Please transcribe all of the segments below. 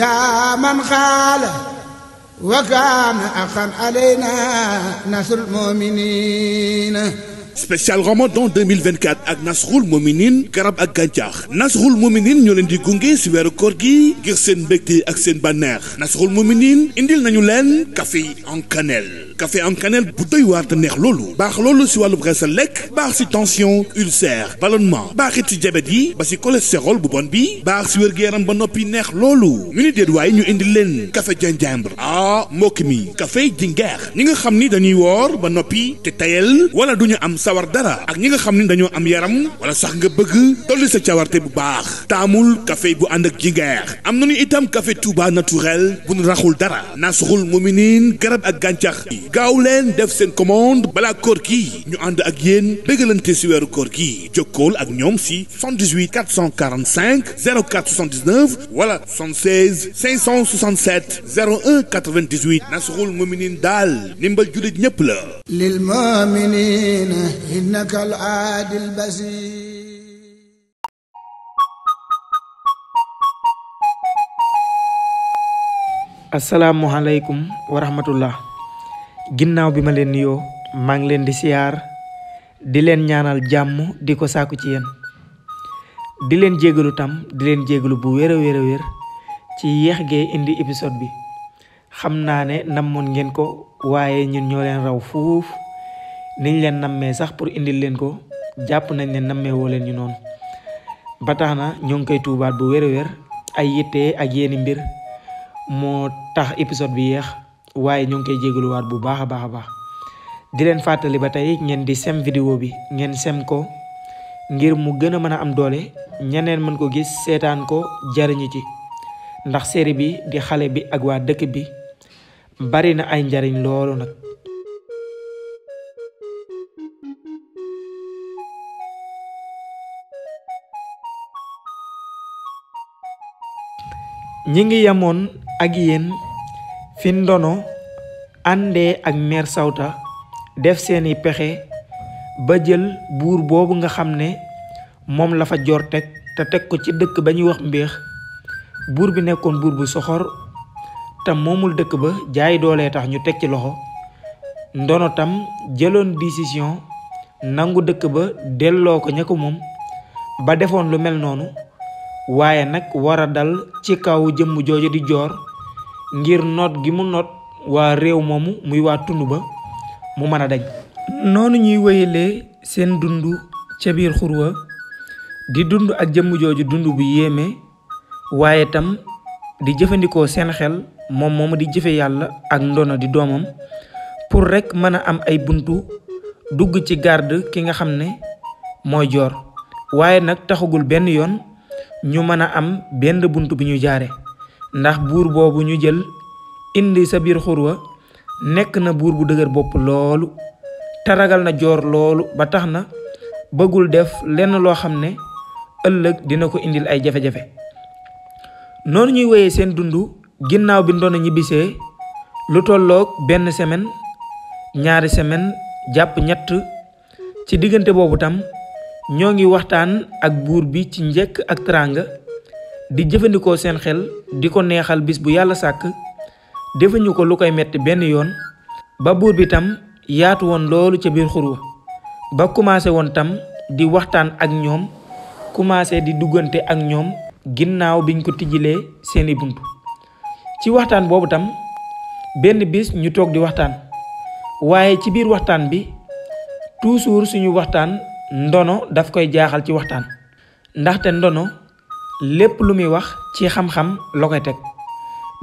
yaa man xaala wa kaana axan alayna nasrul mu'miniina spécial ramadan 2024 ak Nasrul Mominin garab ak gàncax Nasrul Mominin ñoo leen di gunge si weeru koor gi ngir seen mbégte ak seen bànneex Nasrul Mominin indil nañu leen café en cannelle café en cannelle bu doy waar te neex loolu baax loolu si wàllu reesal lekk baax si tension ulcère ballonnement baaxit si jabet yi ba si cholestérol bu bon bi baax si wér-gu-yaram ba noppi neex loolu ñu ni déet waaye ñu indil leen kafe gingembre ah mbokk mi café jingeer ñi nga xam ni dañuy woor ba noppi te tayel wala duñu am sawar dara ak ñi nga xam ne dañoo am yaram wala sax nga bëgg dolli sa cawarte bu baax taamul kafe bu ànd ak jingeer am na nañu itam kafe Touba naturel bu nu raxul dara nasrul muminin garab ak gàncax yi gaaw leen def seen commande balaa koor ki ñu ànd ak yéen bëggalante si weeru koor gi jokkool ak ñoom si 78 445 04 79 wala 76 567 01 98 nasrul muminin daal ndimbal jullit ñépp la lil muminin innaka al aadil basir asalaamualeykum wa rahmatullah ginnaaw bi ma leen nuyoo maa ngi leen di siyaar di leen ñaanal jàmm di ko sàkku ci yéen di leen jégalu tam di leen jégalu bu wér a wér ci yéex gee indi épisode bi xam naa ne namoon ngeen ko waaye ñun ñoo leen raw fuuf niñ leen nammee sax pour indil leen ko jàpp nañ leen nammee woo leen ñu noonu ba tax na ñoo ngi koy tuubaat bu wér a wér ay yitte ak yeeni mbir moo tax épisode bi yeex waaye ñoo ngi koy jégaluwaat bu baax a baax a baax di leen fàttali ba tey ngeen di sem video bi ngeen sem ko ngir mu gën a mën a am doole ñeneen mën ko gis seetaan ko jariñu ci ndax série bi di xale bi ak waa dëkk bi bari na ay njariñ loolu nag ñi ngi yamoon ak yéen fi ndono àndee ak meer sawta def seeni pexe ba jël buur boobu nga xam ne moom lafa fa joor teg te teg ko ci dëkk ba ñuy wax mbéex buur bi nekkoon buur bu soxor te moomul dëkk ba jaay doole tax ñu teg ci loxo ndono tam jëloon décision nangu dëkk ba delloo ko ña ko moom ba defoon lu mel noonu waaye nag war a dal ci kaw jëmm jooju di joor ngir noot gi mu noot waa réew moomu muy waa tund ba mu mën a daj noonu ñuy wéyalee seen dund ca biir xurwa di dund ak jëmm jooju dund bu yéeme waaye tam di jëfandikoo seen xel moom moomu di jëfe yàlla ak ndono di doomam pour rekk mën a am ay buntu dugg ci gàrd ki nga xam ne mooy joor waaye nag taxagul benn yoon ñu mën a am benn bunt bi ñu jaare ndax buur boobu ñu jël indi sa biir xurwa nekk na buur bu dëgër bopp loolu te ragal na joor loolu ba tax na bëggul def lenn loo xam ne ëllëg dina ko indil ay jafe-jafe noonu ñuy woyee seen dund ginnaaw bi ndoon ñibbisee lu tolloog benn semaine ñaari semaine jàpp ñett ci diggante boobu tam ñoo ngi waxtaan ak buur bi ci njëkk ak teraanga di jëfandikoo seen xel di ko neexal bis bu yàlla sàkk defuñu ko lu koy metti benn yoon ba buur bi tam yaatu woon loolu ca biir xurwa ba commencé woon tam di waxtaan ak ñoom commencé di duggante ak ñoom ginnaaw biñ ko tijjilee seeni bunt ci waxtaan boobu tam benn bis ñu toog di waxtaan waaye ci biir waxtaan bi toujours suñu waxtaan ndono daf koy jaaxal ci waxtaan ndaxte ndono lépp lu muy wax ci xam-xam la koy teg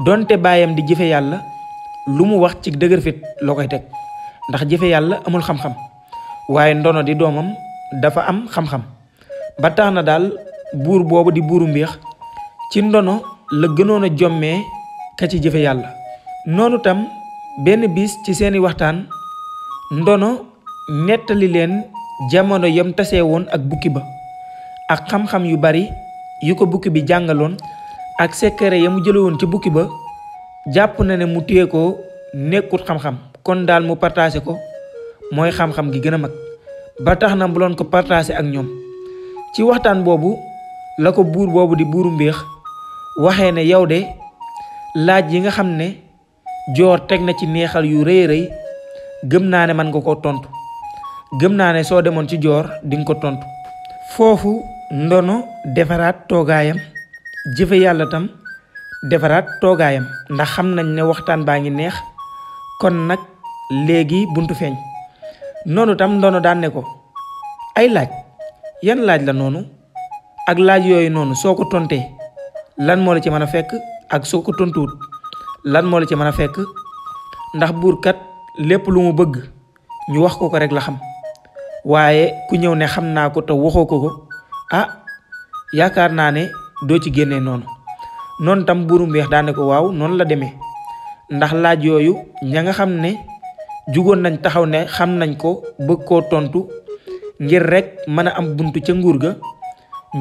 doonte baayam di jëfe yàlla lu mu wax ci dëgër loo koy teg ndax jëfe yàlla amul xam-xam waaye ndono di doomam dafa am xam-xam ba tax na daal buur boobu di buuru mbéex ci ndono la gënoon a jommee ka ci jëfe yàlla noonu tam benn bis ci seeni waxtaan ndono nettali leen jamono yam tasee woon ak bukki ba ak xam-xam yu bari yu ko bukki bi jàngaloon ak secret ya mu jële woon ci bukki ba jàpp na ne mu téye ko nekkut xam-xam kon daal mu partagé ko mooy xam-xam gi gën a mag ba tax na mu ko partagé ak ñoom ci waxtaan boobu la ko buur boobu di buuru mbéex waxee ne yow de laaj yi nga xam ne joor teg na ci neexal yu rëy rëy gëm naa ne man nga ko tontu gëm naa ne soo demoon ci joor di nga ko tontu foofu ndono defaraat toogaayam jëfe yàlla tam defaraat toogaayam ndax xam nañ ne waxtaan baa ngi neex kon nag léegi buntu feeñ noonu tam ndono daan ne ko ay laaj yan laaj la noonu ak laaj yooyu noonu soo ko tontee lan moo la ci mën a fekk ak soo ko tontuwut lan moo la ci mën a fekk ndax buur kat lépp lu mu bëgg ñu wax ko ko rek la xam waaye ku ñëw ne xam naa ko te waxoo ko ko ah yaakaar naa ne doo ci génne noonu noonu tam buuru weex daane ko waaw noonu la demee ndax laaj yooyu ña nga xam ne jugoon nañ taxaw ne xam nañ ko bëgg koo tontu ngir rek mën a am bunt ca nguur ga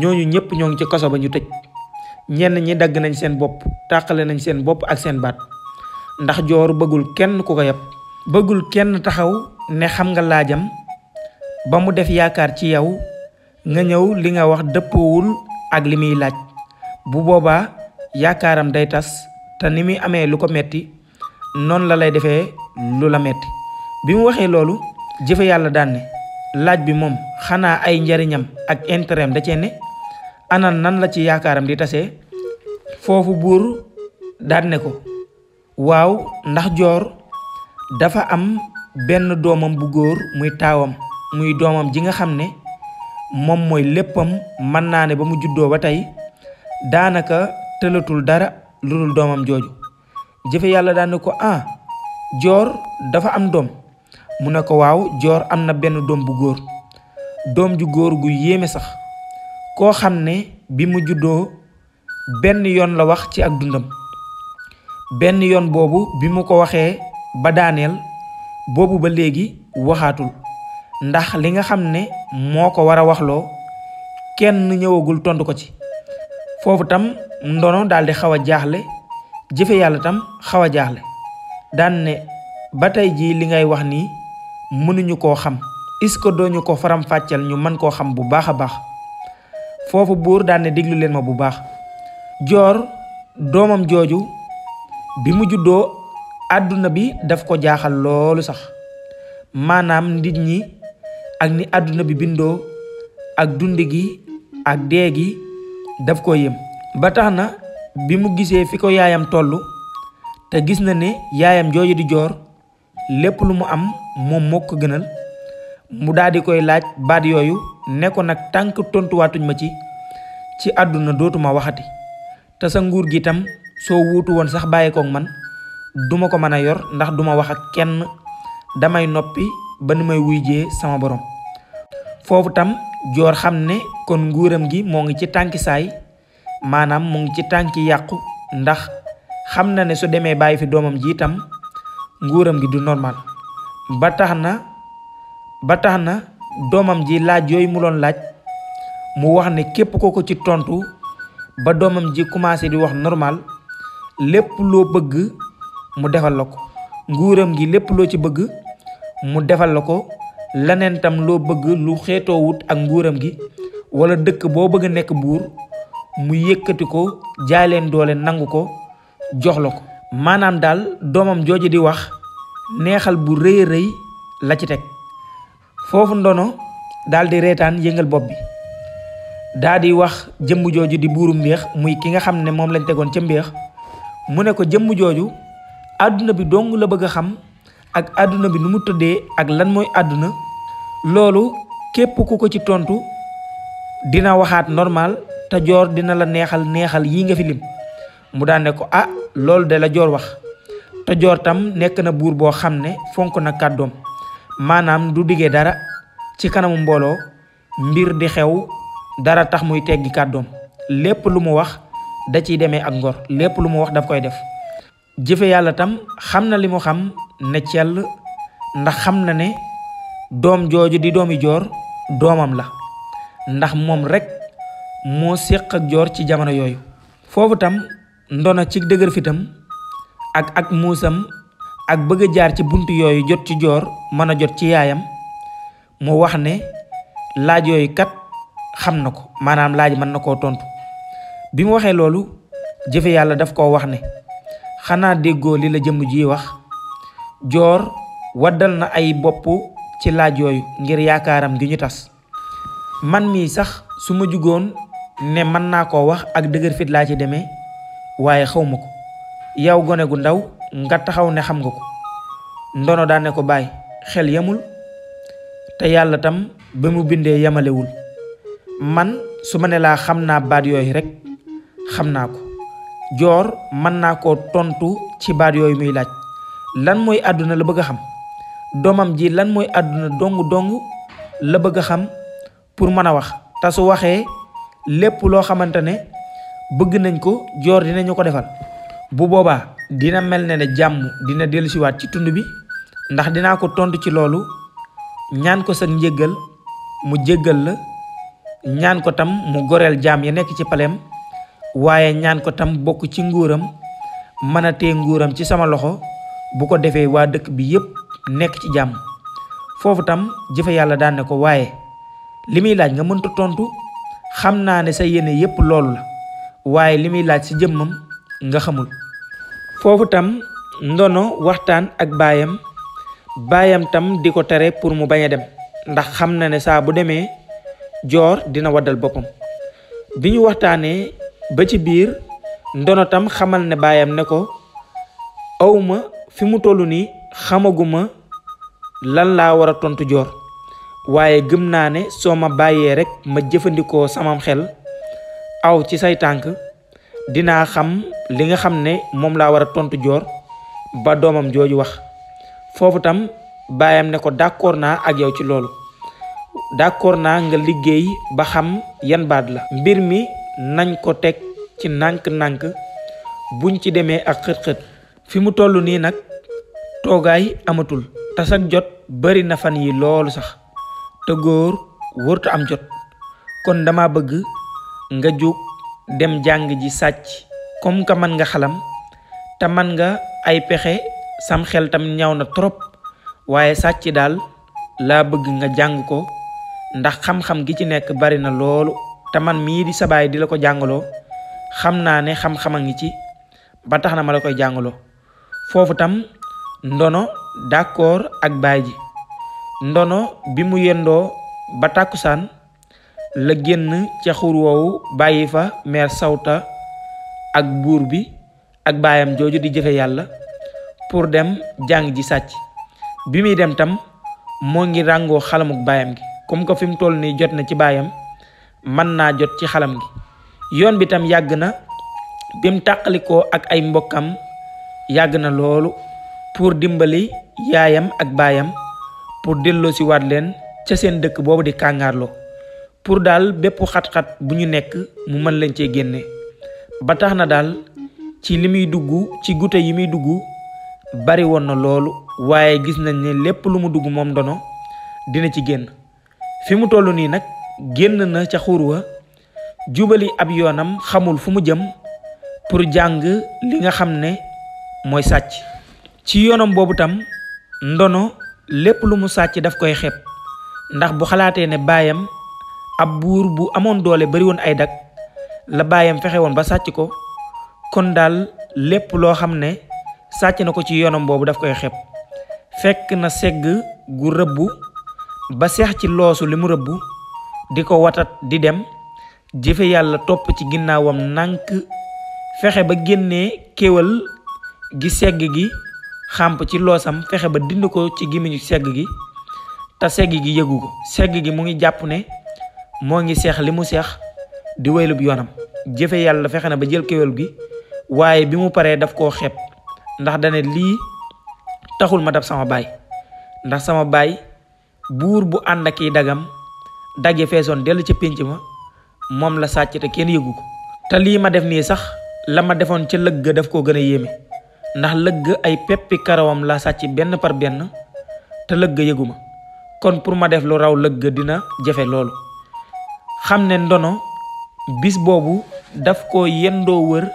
ñooñu ñëpp ñoo ngi ci kaso ba ñu tëj ñenn ñi dagg nañ seen bopp tàqale nañ seen bopp ak seen baat ndax jooru bëggul kenn ku ko yab bëggul kenn taxaw ne xam nga laajam ba mu def yaakaar ci yow nga ñëw li nga wax dëppoowul ak li muy laaj bu boobaa yaakaaram day tas te ni muy amee lu ko metti noonu la lay defee lu la metti bi mu waxee loolu jëfe yàlla daan laaj bi moom xanaa ay njariñam ak intérim da cee ne ana nan la ci yaakaaram di tasee foofu buur daan ne ko waaw ndax joor dafa am benn doomam bu góor muy taawam muy doomam ji nga xam ne moom mooy léppam mën naa ne ba mu juddoo ba tey daanaka tëlatul dara lu dul doomam jooju jëfe yàlla daan ko ah joor dafa am doom mu ne ko waaw joor am na benn doom bu góor doom ju góor gu yéeme sax koo xam ne bi mu juddoo benn yoon la wax ci ak dundam benn yoon boobu bi mu ko waxee ba daaneel boobu ba léegi waxaatul ndax li nga xam ne moo ko war a waxloo kenn ñëwagul tontu ko ci foofu tam ndono daal di xaw a jaaxle jëfe yàlla tam xaw a jaaxle daan ne ba tey jii li ngay wax nii mënuñu koo xam est dooñu ko faram-fàcceel ñu mën koo xam bu baax a baax foofu buur daan ne déglu leen ma bu baax joor doomam jooju bi mu juddoo àdduna bi daf ko jaaxal loolu sax maanaam nit ñi ak ni àdduna bi bindoo ak dund gi ak dee gi daf ko yëm ba tax na bi mu gisee fi ko yaayam toll te gis na ne yaayam jooju di joor lépp lu mu am moom moo ko gënal mu daldi koy laaj baat yooyu nekkoon ko nag tànk tontuwaatuñ ma ci ci àdduna dootuma waxati te sa nguur gi tam soo wuutu woon sax bàyyi koog man duma ko mën a yor ndax duma wax ak kenn damay noppi ba nu may wuy jee sama borom foofu tam joor xam ne kon nguuram gi moo ngi ci tànki saay maanaam mu ngi ci tànki yàqu ndax xam na ne su demee bàyyi fi doomam ji itam nguuram gi du normal ba tax na ba tax na doomam ji laaj yooyu mu doon laaj mu wax ne képp ko ko ci tontu ba doomam ji commencé di wax normal lépp loo bëgg mu defal la ko nguuram gi lépp loo ci bëgg mu hmm. defal la ko leneen tam loo bëgg lu wut ak nguuram gi wala dëkk boo bëgg a nekk buur mu yëkkati ko jaay leen doole nangu ko jox la ko maanaam daal doomam jooju di wax neexal bu rëy rëy la ci teg foofu ndono daldi reetaan yëngal bopp bi daa wax jëmm jooju di buuru mbéex muy ki nga xam ne moom lañ tegoon ca mbéex mu ne ko jëmm jooju àdduna bi dong la bëgg a xam ak àdduna bi nu mu tëddee ak lan mooy àdduna loolu képp ku ko ci tontu dina waxaat normal te joor dina la neexal neexal yi nga fi lim mu daan ko ah loolu de la joor wax te tam nekk na buur boo xam ne fonk na kàddoom maanaam du diggee dara ci kanamu mbooloo mbir di xew dara tax muy teggi kàddoom lépp lu mu wax da ciy demee ak ngor lépp lu mu wax daf koy def jëfe yàlla tam xam na li mu xam ne cell ndax xam na ne doom jooju di doomi joor doomam la ndax moom rekk moo séq ak joor ci jamono yooyu foofu tam ndono ci dëgër fitam ak ak muusam ak bëgg jaar ci bunt yooyu jot ci joor mën a jot ci yaayam mu wax ne laaj yooyu kat xam na ko maanaam laaj mën na koo tontu bi mu waxee loolu jëfe yàlla daf koo wax ne xanaa déggoo li la jëmm ji wax joor waddal na ay bopp ci laaj yooyu ngir yaakaaram gi ñu tas man mii sax su ma jugoon ne mën naa ko wax ak dëgër fit laa ci demee waaye xaw ma ko yow gone gu ndaw nga taxaw ne xam nga ko ndono daan ne ko bàyyi xel yamul te yàlla tam ba mu bindee yamalewul man su ma ne laa xam naa baat yooyu rek xam naa ko joor mën naa ko tontu ci baat yooyu muy laaj lan mooy àdduna la bëgg a xam doomam ji lan mooy àdduna dong-dong la bëgg a xam pour mën a wax te su waxee lépp loo xamante ne bëgg nañ ko joor dinañu ko defal bu boobaa dina mel na ne jàmm dina dellusiwaat ci tund bi ndax dinaa ko tontu ci loolu ñaan ko sa njéggal mu jéggal la ñaan ko tam mu goreel jaam yi nekk ci paleem waaye ñaan ko tam bokk ci nguuram mën a téye nguuram ci sama loxo bu ko defee waa dëkk bi yépp nekk ci jàmm foofu tam jëfe yàlla daan ne ko waaye li muy laaj nga mënta tontu xam naa ne sa yéene yépp loolu waaye li muy laaj si jëmmam nga xamul foofu tam ndono waxtaan ak baayam baayam tam di ko tere pour mu bañ dem ndax xam na ne saa bu demee joor dina waddal boppam bi ñu waxtaanee ba ci biir ndono tam xamal ne baayam ne ko awma fi mu toll nii xamaguma lan laa war a tontu waaye gëm naa ne soo ma bàyyee rek ma jëfandikoo sama xel aw ci say tànk dinaa xam li nga xam ne moom laa war a tontu ba doomam jooju wax foofu tam baayam ne ko d'accord naa ak yow ci loolu d'accord naa nga liggéey ba xam yan baat la mbir mi nañ ko teg ci nànk-nànk buñ ci demee ak xët-xët fi mu toll nii nag toogaay amatul te jot bari na fan yi loolu sax te góor wërta am jot kon dama bëgg nga jóg dem jàng ji sàcc comme que man nga xalam te man nga ay pexe sam xel tam ñaaw na trop waaye sàcc daal laa bëgg nga jàng ko ndax xam-xam gi ci nekk bari na loolu te man mii di sabaay di la ko jàngaloo xam naa ne xam-xam a ngi ci ba tax na ma la koy jàngaloo foofu tam ndono d'accord ak baay ji ndono bi mu yendoo ba tàkkusaan la génn ca xuur woowu bàyyi fa meer sawta ak buur bi ak baayam jooju di jëfe yàlla pour dem jàng ji sàcc bi muy dem tam moo ngi ràngoo xalamuk baayam gi comme que fi mu toll nii jot na ci baayam mën naa jot ci xalam gi yoon bi tam yàgg na bi mu ak ay mbokkam yàgg na loolu pour dimbali yaayam ak baayam pour delloo si waat leen ca seen dëkk boobu di kàngaarlo pour daal bépp xat-xat bu ñu nekk mu mën leen cee génne ba tax na daal ci li muy dugg ci gute yi muy dugg bari woon na loolu waaye gis nañ ne lépp lu mu dugg moom ndono dina ci génn fi mu toll nii nag génn na ca xuur wa jubali ab yoonam xamul fu mu jëm pour jàng li nga xam ne mooy sàcc ci yoonam boobu tam ndono lépp lu mu sàcc daf koy xeeb ndax bu xalaatee ne baayam ab buur bu amoon doole bari ay dag la baayam fexe woon ba sàcc ko kon daal lépp loo xam ne sàcc na ko ci yoonam boobu daf koy xeeb fekk na segg gu rëbbu ba seex ci loosu li mu rëbbu di ko watat di dem jëfe yàlla topp ci ginnaawam nànk fexe ba génnee kéwal gi segg gi xàmp ci loosam fexe ba dind ko ci gémmiñu segg gi te segg gi yëgu ko segg gi mu ngi jàpp ne moo ngi seex li mu seex di waylub yoonam jëfe yàlla fexe na ba jël kéwél gi waaye bi mu paree daf koo xeeb ndax dane lii taxul ma dab sama baay ndax sama baay buur bu ànd ak i dagam dage feesoon dellu ci pénc ma moom la sàcc te kenn yëgu ko te lii ma def nii sax la ma defoon ca lëgg daf koo gën a yéeme ndax lëgg ay peppi karawam laa sàcc benn par benn te lëgg yëguma kon pour ma def lu raw lëgg dina jafe loolu xam ne ndono bis boobu daf ko yendoo wër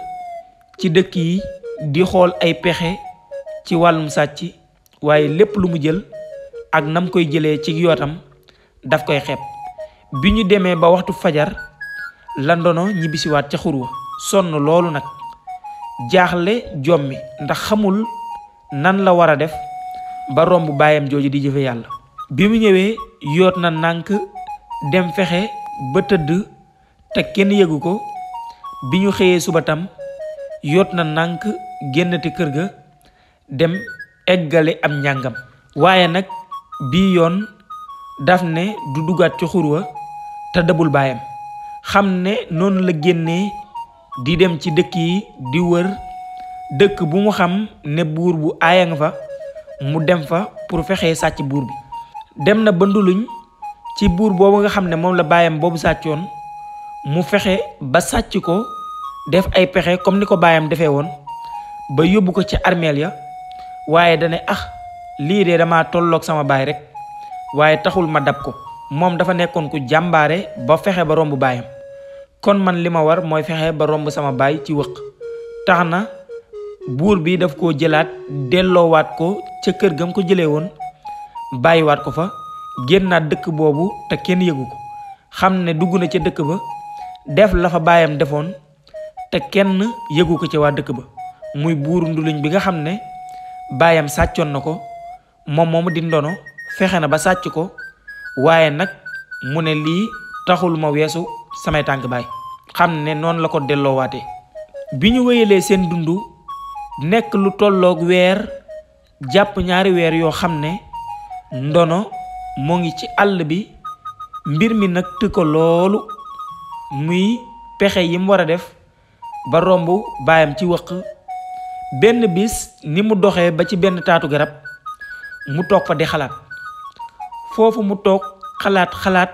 ci dëkk yi di xool ay pexe ci wàllum sàcc waaye lépp lu mu jël ak nam koy jëlee ci yootam daf koy xeeb bi ñu demee ba waxtu fajar la ndono ñibbisiwaat ca xur wa sonn loolu nag jaaxle jommi ndax xamul nan la war a def ba romb baayam jooju di jëfe yàlla bi mu ñëwee yoot na nànk dem fexe ba tëdd te kenn yëgu ko bi ñu xëyee suba tam yoot na nànk génnati kër ga dem eggale am njàngam waaye nag bi yoon daf ne du dugaat ci xurwa te dabul baayam xam ne noonu la génnee di dem ci dëkk yi di wër dëkk bu mu xam ne buur bu aaya fa mu dem fa pour fexe sàcc buur bi dem na ba nduluñ ci buur boobu nga xam ne moom la baayam boobu sàccoon mu fexe ba sàcc ko def ay pexe comme ni ko baayam defee woon ba yóbbu ko ci armeel ya waaye dane ax ah, lii de damaa tollook sama baay rek waaye taxul ma dab ko moom dafa nekkoon ku jàmbaare ba fexe ba romb baayam kon man li ma war mooy fexe ba romb sama baay ci wëq tax na buur bii daf koo jëlaat delloowaat ko ca kër gam ko jëlee woon bàyyiwaat ko fa génnaat dëkk boobu te kenn yëgu ko xam ne dugg na ca dëkk ba def la baayam defoon te kenn yëgu ko ca waa dëkk ba muy buuru nduluñ bi nga xam ne baayam sàccoon na ko moom moomu di ndono fexe na ba sàcc ko waaye nag mu ne lii taxul ma weesu samay tànk baay xam ne noonu la ko delloowaate bi ñu wéyalee seen dund nekk lu tolloog weer jàpp ñaari weer yoo xam ne ndono moo ngi ci àll bi mbir mi nag të ko loolu muy pexe yi mu war a def ba romb baayam ci wëq benn bis ni mu doxee ba ci benn taatu garab mu toog fa di xalaat foofu mu toog xalaat xalaat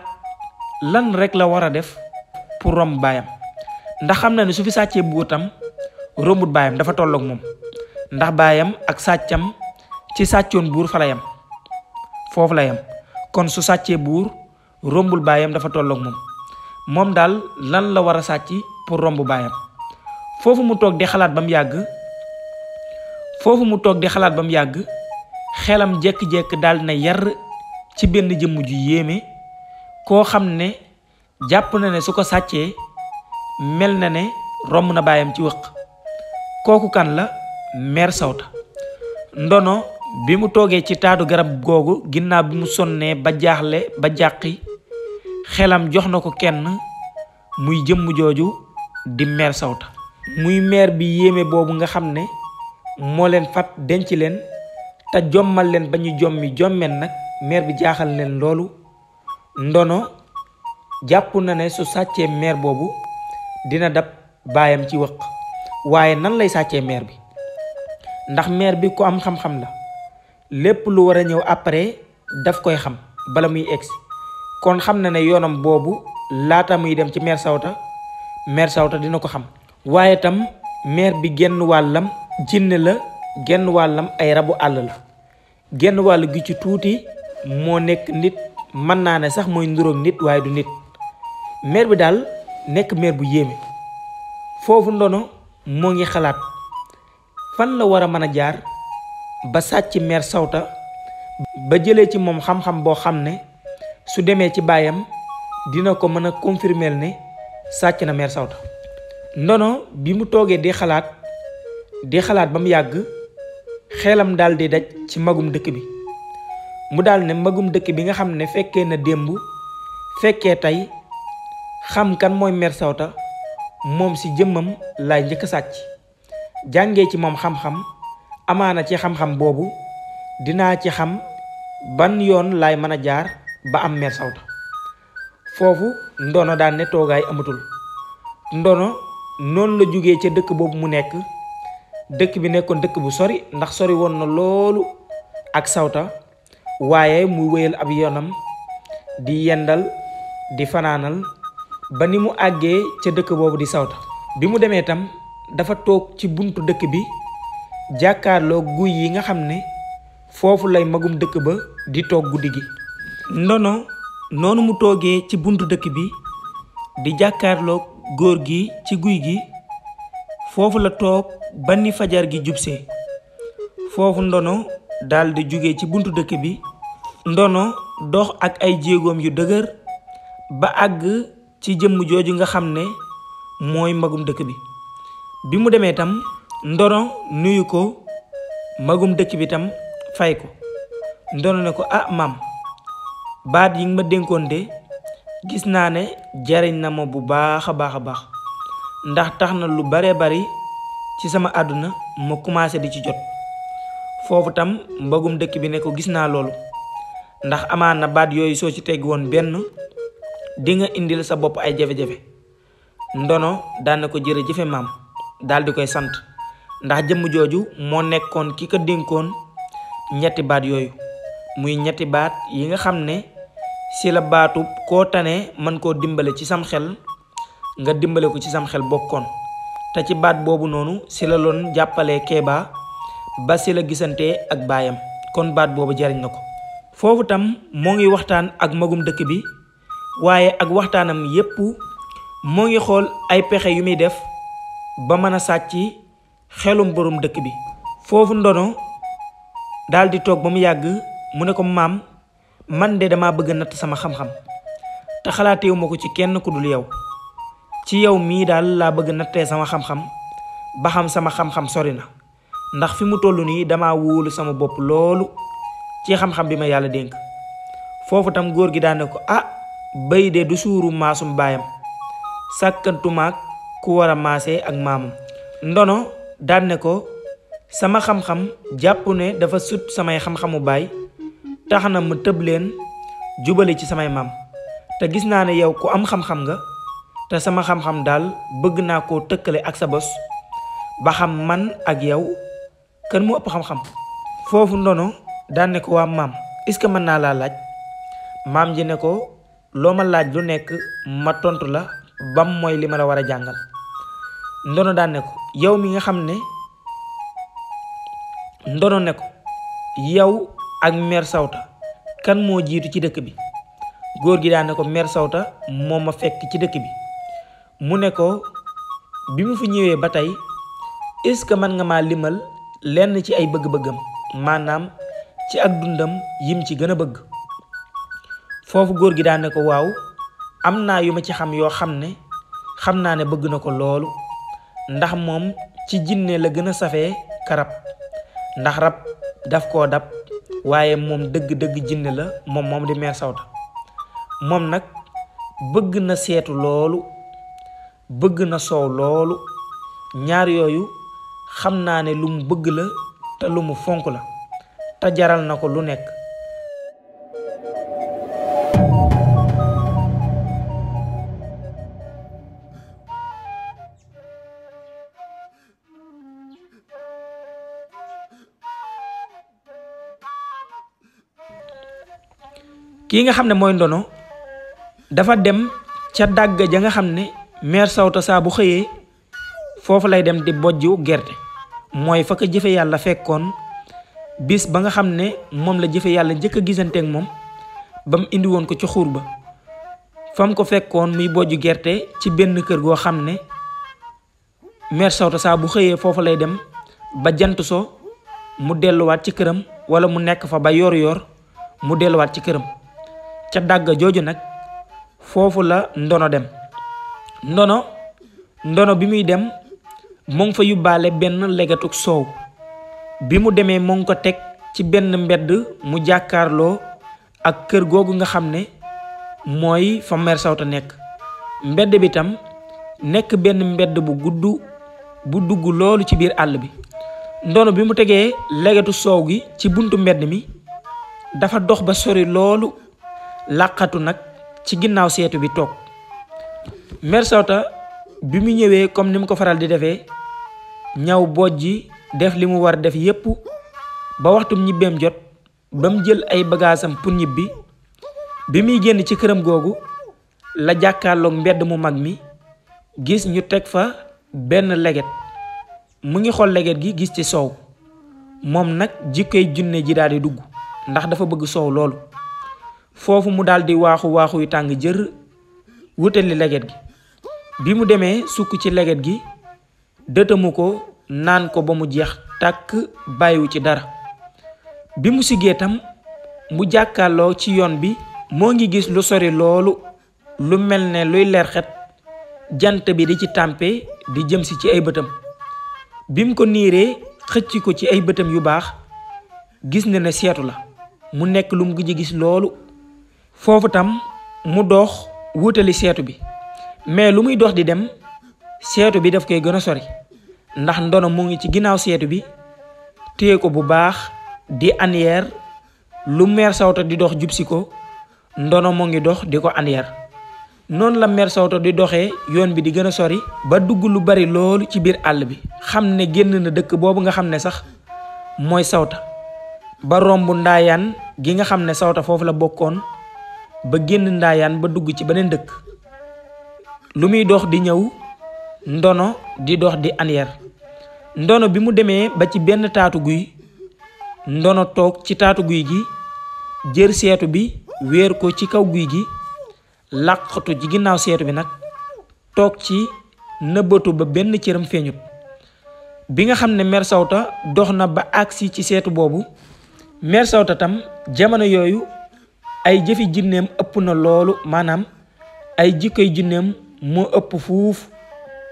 lan rekk la war a def pour romb baayam ndax xam na ne su fi sàccee tam rombut baayam dafa tolloog moom ndax baayam ak sàccam ci sàccoon buur fa la foofu la yam kon su sàccee buur rombul baayam dafa tolloog moom moom daal lan la war a sàcc pour romb baayam foofu mu toog di xalaat ba mu yàgg foofu mu toog di xalaat ba mu yàgg xelam jékki-jékki daal na yar ci benn jëmm ju yéeme koo xam ne jàpp na ne su ko sàccee mel na ne romb na baayam ci wëq kooku kan la meer sawta ndono bi mu toogee ci taatu garab googu ginnaaw bi mu sonnee ba jaaxle ba jàqi xelam jox na ko kenn muy jëmm jooju di meer sawta muy meer bi yéeme boobu nga xam ne moo leen fat denc leen te jommal leen ba ñu jommi jommeen nag meer bi jaaxal leen loolu ndono jàpp na ne su sàccee meer boobu dina dab baayam ci wëq waaye nan lay sàccee meer bi ndax meer bi ku am xam-xam la lépp lu war a ñëw après daf koy xam bala muy egsi kon xam na ne yoonam boobu laata muy dem ci meer sawta meer sawta dina ko xam waaye tam meer bi genn wàllam jinne la genn wàllam ay rabu àll la genn wàll gi ci tuuti moo nekk nit mën naa ne sax mooy nduróog nit waaye du nit maire bi daal nekk maire bu yéeme foofu ndono moo ngi xalaat fan la war a mën a jaar ba sàcc maire sawta ba jëlee ci moom xam-xam boo xam ne su demee ci baayam dina ko mën a confirmeel ne sàcc na maire sawta ndono bi mu toogee di xalaat di xalaat ba mu yàgg xelam daal di daj ci magum dëkk bi mu daal ne magum dëkk bi nga xam ne fekkee na démb fekkee tey xam kan mooy mère Sawta moom ci jëmmam laay njëkk sàcc jànge ci moom xam-xam amaana ci xam-xam boobu dinaa ci xam ban yoon laay mën a jaar ba am mère Sawta foofu ndono daan ne toogaay amatul ndono noonu la jóge ca dëkk boobu mu nekk dëkk bi nekkoon dëkk bu sori ndax sori woon na loolu ak Sawta waaye mu wéyal ab yoonam di yendal di fanaanal ba ni mu àggee ca dëkk boobu di sawta bi mu demee tam dafa toog ci buntu dëkk bi jàkkaarloo guy yi nga xam ne foofu lay magum dëkk ba di toog guddi gi ndono noonu mu toogee ci buntu dëkk bi di jàkkaarloo góor gi ci guy gi foofu la toog ba ni fajar gi jubsee foofu ndono daldi jóge ci buntu dëkk bi ndono dox ak ay jéegoom yu dëgër ba àgg ci jëmm jooju nga xam ne mooy mbagum dëkk bi bi mu demee tam ndoro nuyu ko mbagum dëkk bi tam fay ko ndoro ne ko ah maam baat yi nga ma dénkoon de gis naa ne jariñ na ma bu baax a baax a baax ndax tax na lu baree bari ci sama àdduna ma commencé di ci jot foofu tam mbagum dëkk bi ne ko gis naa loolu ndax amaan na baat yooyu soo ci teg woon benn di nga indil sa bopp ay jafe-jafe ndono daan na ko jëfe maam daal di koy sant ndax jëmm jooju moo nekkoon ki ko dénkoon ñetti baat yooyu muy ñetti baat yi nga xam ne si la baatu koo tane mën koo dimbale ci sam xel nga dimbale ko ci sam xel bokkoon te ci baat boobu noonu si la loon jàppale keebaa ba si la gisante ak baayam kon baat boobu jariñ na ko foofu tam moo ngi waxtaan ak magum dëkk bi waaye ak waxtaanam yépp moo ngi xool ay pexe yu muy def ba mën a sàcc xelum borum dëkk bi foofu ndono daal toog ba mu yàgg mu ne ko maam man de dama bëgg natt sama xam-xam te xalaatewu ma ko ci kenn ku dul yow ci yow mii daal laa bëgg nattee sama xam-xam ba xam sama xam-xam sori na ndax fi mu toll nii dama wóolu sama bopp loolu ci xam-xam bi ma yàlla dénk foofu tam góor gi daane ko ah bay de du suuru maasum baayam sàkkantumaak ku war a maase ak maamam ndono daan ne ko sama xam-xam jàpp ne dafa sut samay xam-xamu baay tax na mu tëb leen jubale ci samay maam te gis naa ne yow ku am xam-xam nga te sama xam-xam daal bëgg naa koo tëkkale ak sa bos ba xam man ak yow kan mu ëpp xam-xam foofu ndono daan ne ko waa maam est-ce que mën naa laa laaj maam ji ne ko loo ma laaj lu nekk ma tontu la bam mooy li ma war a jàngal ndono daan ne ko yow mi nga xam ne ndono ne ko yow ak mère Sawta kan moo jiitu ci dëkk bi góor gi daan ne ko mère Sawta moo ma fekk ci dëkk bi mu ne ko bi mu fi ñëwee ba tey est-ce que mën nga maa limal lenn ci ay bëgg-bëggam maanaam ci ak dundam yim ci gën a bëgg foofu góor gi daan ne ko waaw am naa yu ma ci xam yoo xam ne xam naa ne bëgg na ko loolu ndax moom ci jinne la gën a safee karab ndax rab daf koo dab waaye moom dëgg-dëgg jinne la moom moom di meer sawta moom nag bëgg na seetu loolu bëgg na soow loolu ñaar yooyu xam naa ne lu mu bëgg la te lu mu fonk la te jaral na ko lu nekk kii nga xam ne mooy ndono dafa dem ca dàgg ja nga xam ne meer sawta saa bu xëyee foofu lay dem di bojju gerte mooy fa ko jëfe yàlla fekkoon bis ba nga xam ne moom la jëfe yàlla njëkk a gisanteek moom ba mu indi woon ko ci xuur ba fa mu ko fekkoon muy bojju gerte ci benn kër goo xam ne meer sawta saa bu xëyee foofu lay dem ba jant so mu delluwaat ci këram wala mu nekk fa ba yoor yor mu delluwaat ci këram ca dàgga jooju nag foofu la ndono dem ndono ndono bi muy dem mu ngi fa yóbbaale benn legetuk soow bi mu demee mu ngi ko teg ci benn mbedd mu jàkkaarloo ak kër googu nga xam ne mooy fa mère nekk mbedd bi tam nekk benn mbedd bu gudd bu dugg loolu ci biir àll bi ndono bi mu tegee legetu soow gi ci buntu mbedd mi dafa dox ba sori loolu làqatu nag ci ginnaaw seetu bi toog mersota bi mu ñëwee comme ni mu ko faral di defee ñaw booj ji def li mu war def yépp ba waxtum ñibbeem jot ba mu jël ay bagaasam pour ñibbi bi muy génn ci këram googu la jàkkaarloog mbedd mu mag mi gis ñu teg fa benn leget mu ngi xool leget gi gis ci soow moom nag jikkoy junne ji daal dugg ndax dafa bëgg soow loolu foofu mu daal di waaxu waaxu yu tàng jër wutali leget gi bi mu demee sukk ci leget gi dëtamu ko naan ko ba mu jeex tàkk bàyyiwu ci dara bi mu siggee tam mu jàkkaarloo ci yoon bi moo ngi gis lu sori loolu lu mel ne luy leer jant bi di ci tàmpe di jëm si ci ay bëtam bi mu ko niiree xëcc ko ci ay bëtam yu baax gis na ne seetu la mu nekk lu mu gëj loolu foofu tam mu dox wutali seetu bi mais lu muy dox di dem seetu bi daf koy gën a sori ndax ndono mu ngi ci ginnaaw seetu bi téye ko bu baax di aniyeer lu meer sawta di dox jub si ko ndono mu ngi dox di ko aniyeer noonu la meer sawta di doxee yoon bi di gën a sori ba dugg lu bari loolu ci biir àll bi xam ne génn na dëkk boobu nga xam ne sax mooy sawta ba romb ndaayaan gi nga xam ne sawta foofu la bokkoon ba génn ndaayaan ba dugg ci beneen dëkk lu muy dox di ñëw ndono di dox di anyeer ndono bi mu demee ba ci benn taatu guy ndono toog ci taatu guy gi jër seetu bi wéer ko ci kaw guy gi làqatu ci ginnaaw seetu bi nag toog ci nëbbatu ba benn cëram feeñut bi nga xam ne mer dox na ba agsi ci seetu boobu mer tam jamono yooyu ay jëfi jinneem ëpp na loolu maanaam ay jikkoy jinneem moo ëpp fuuf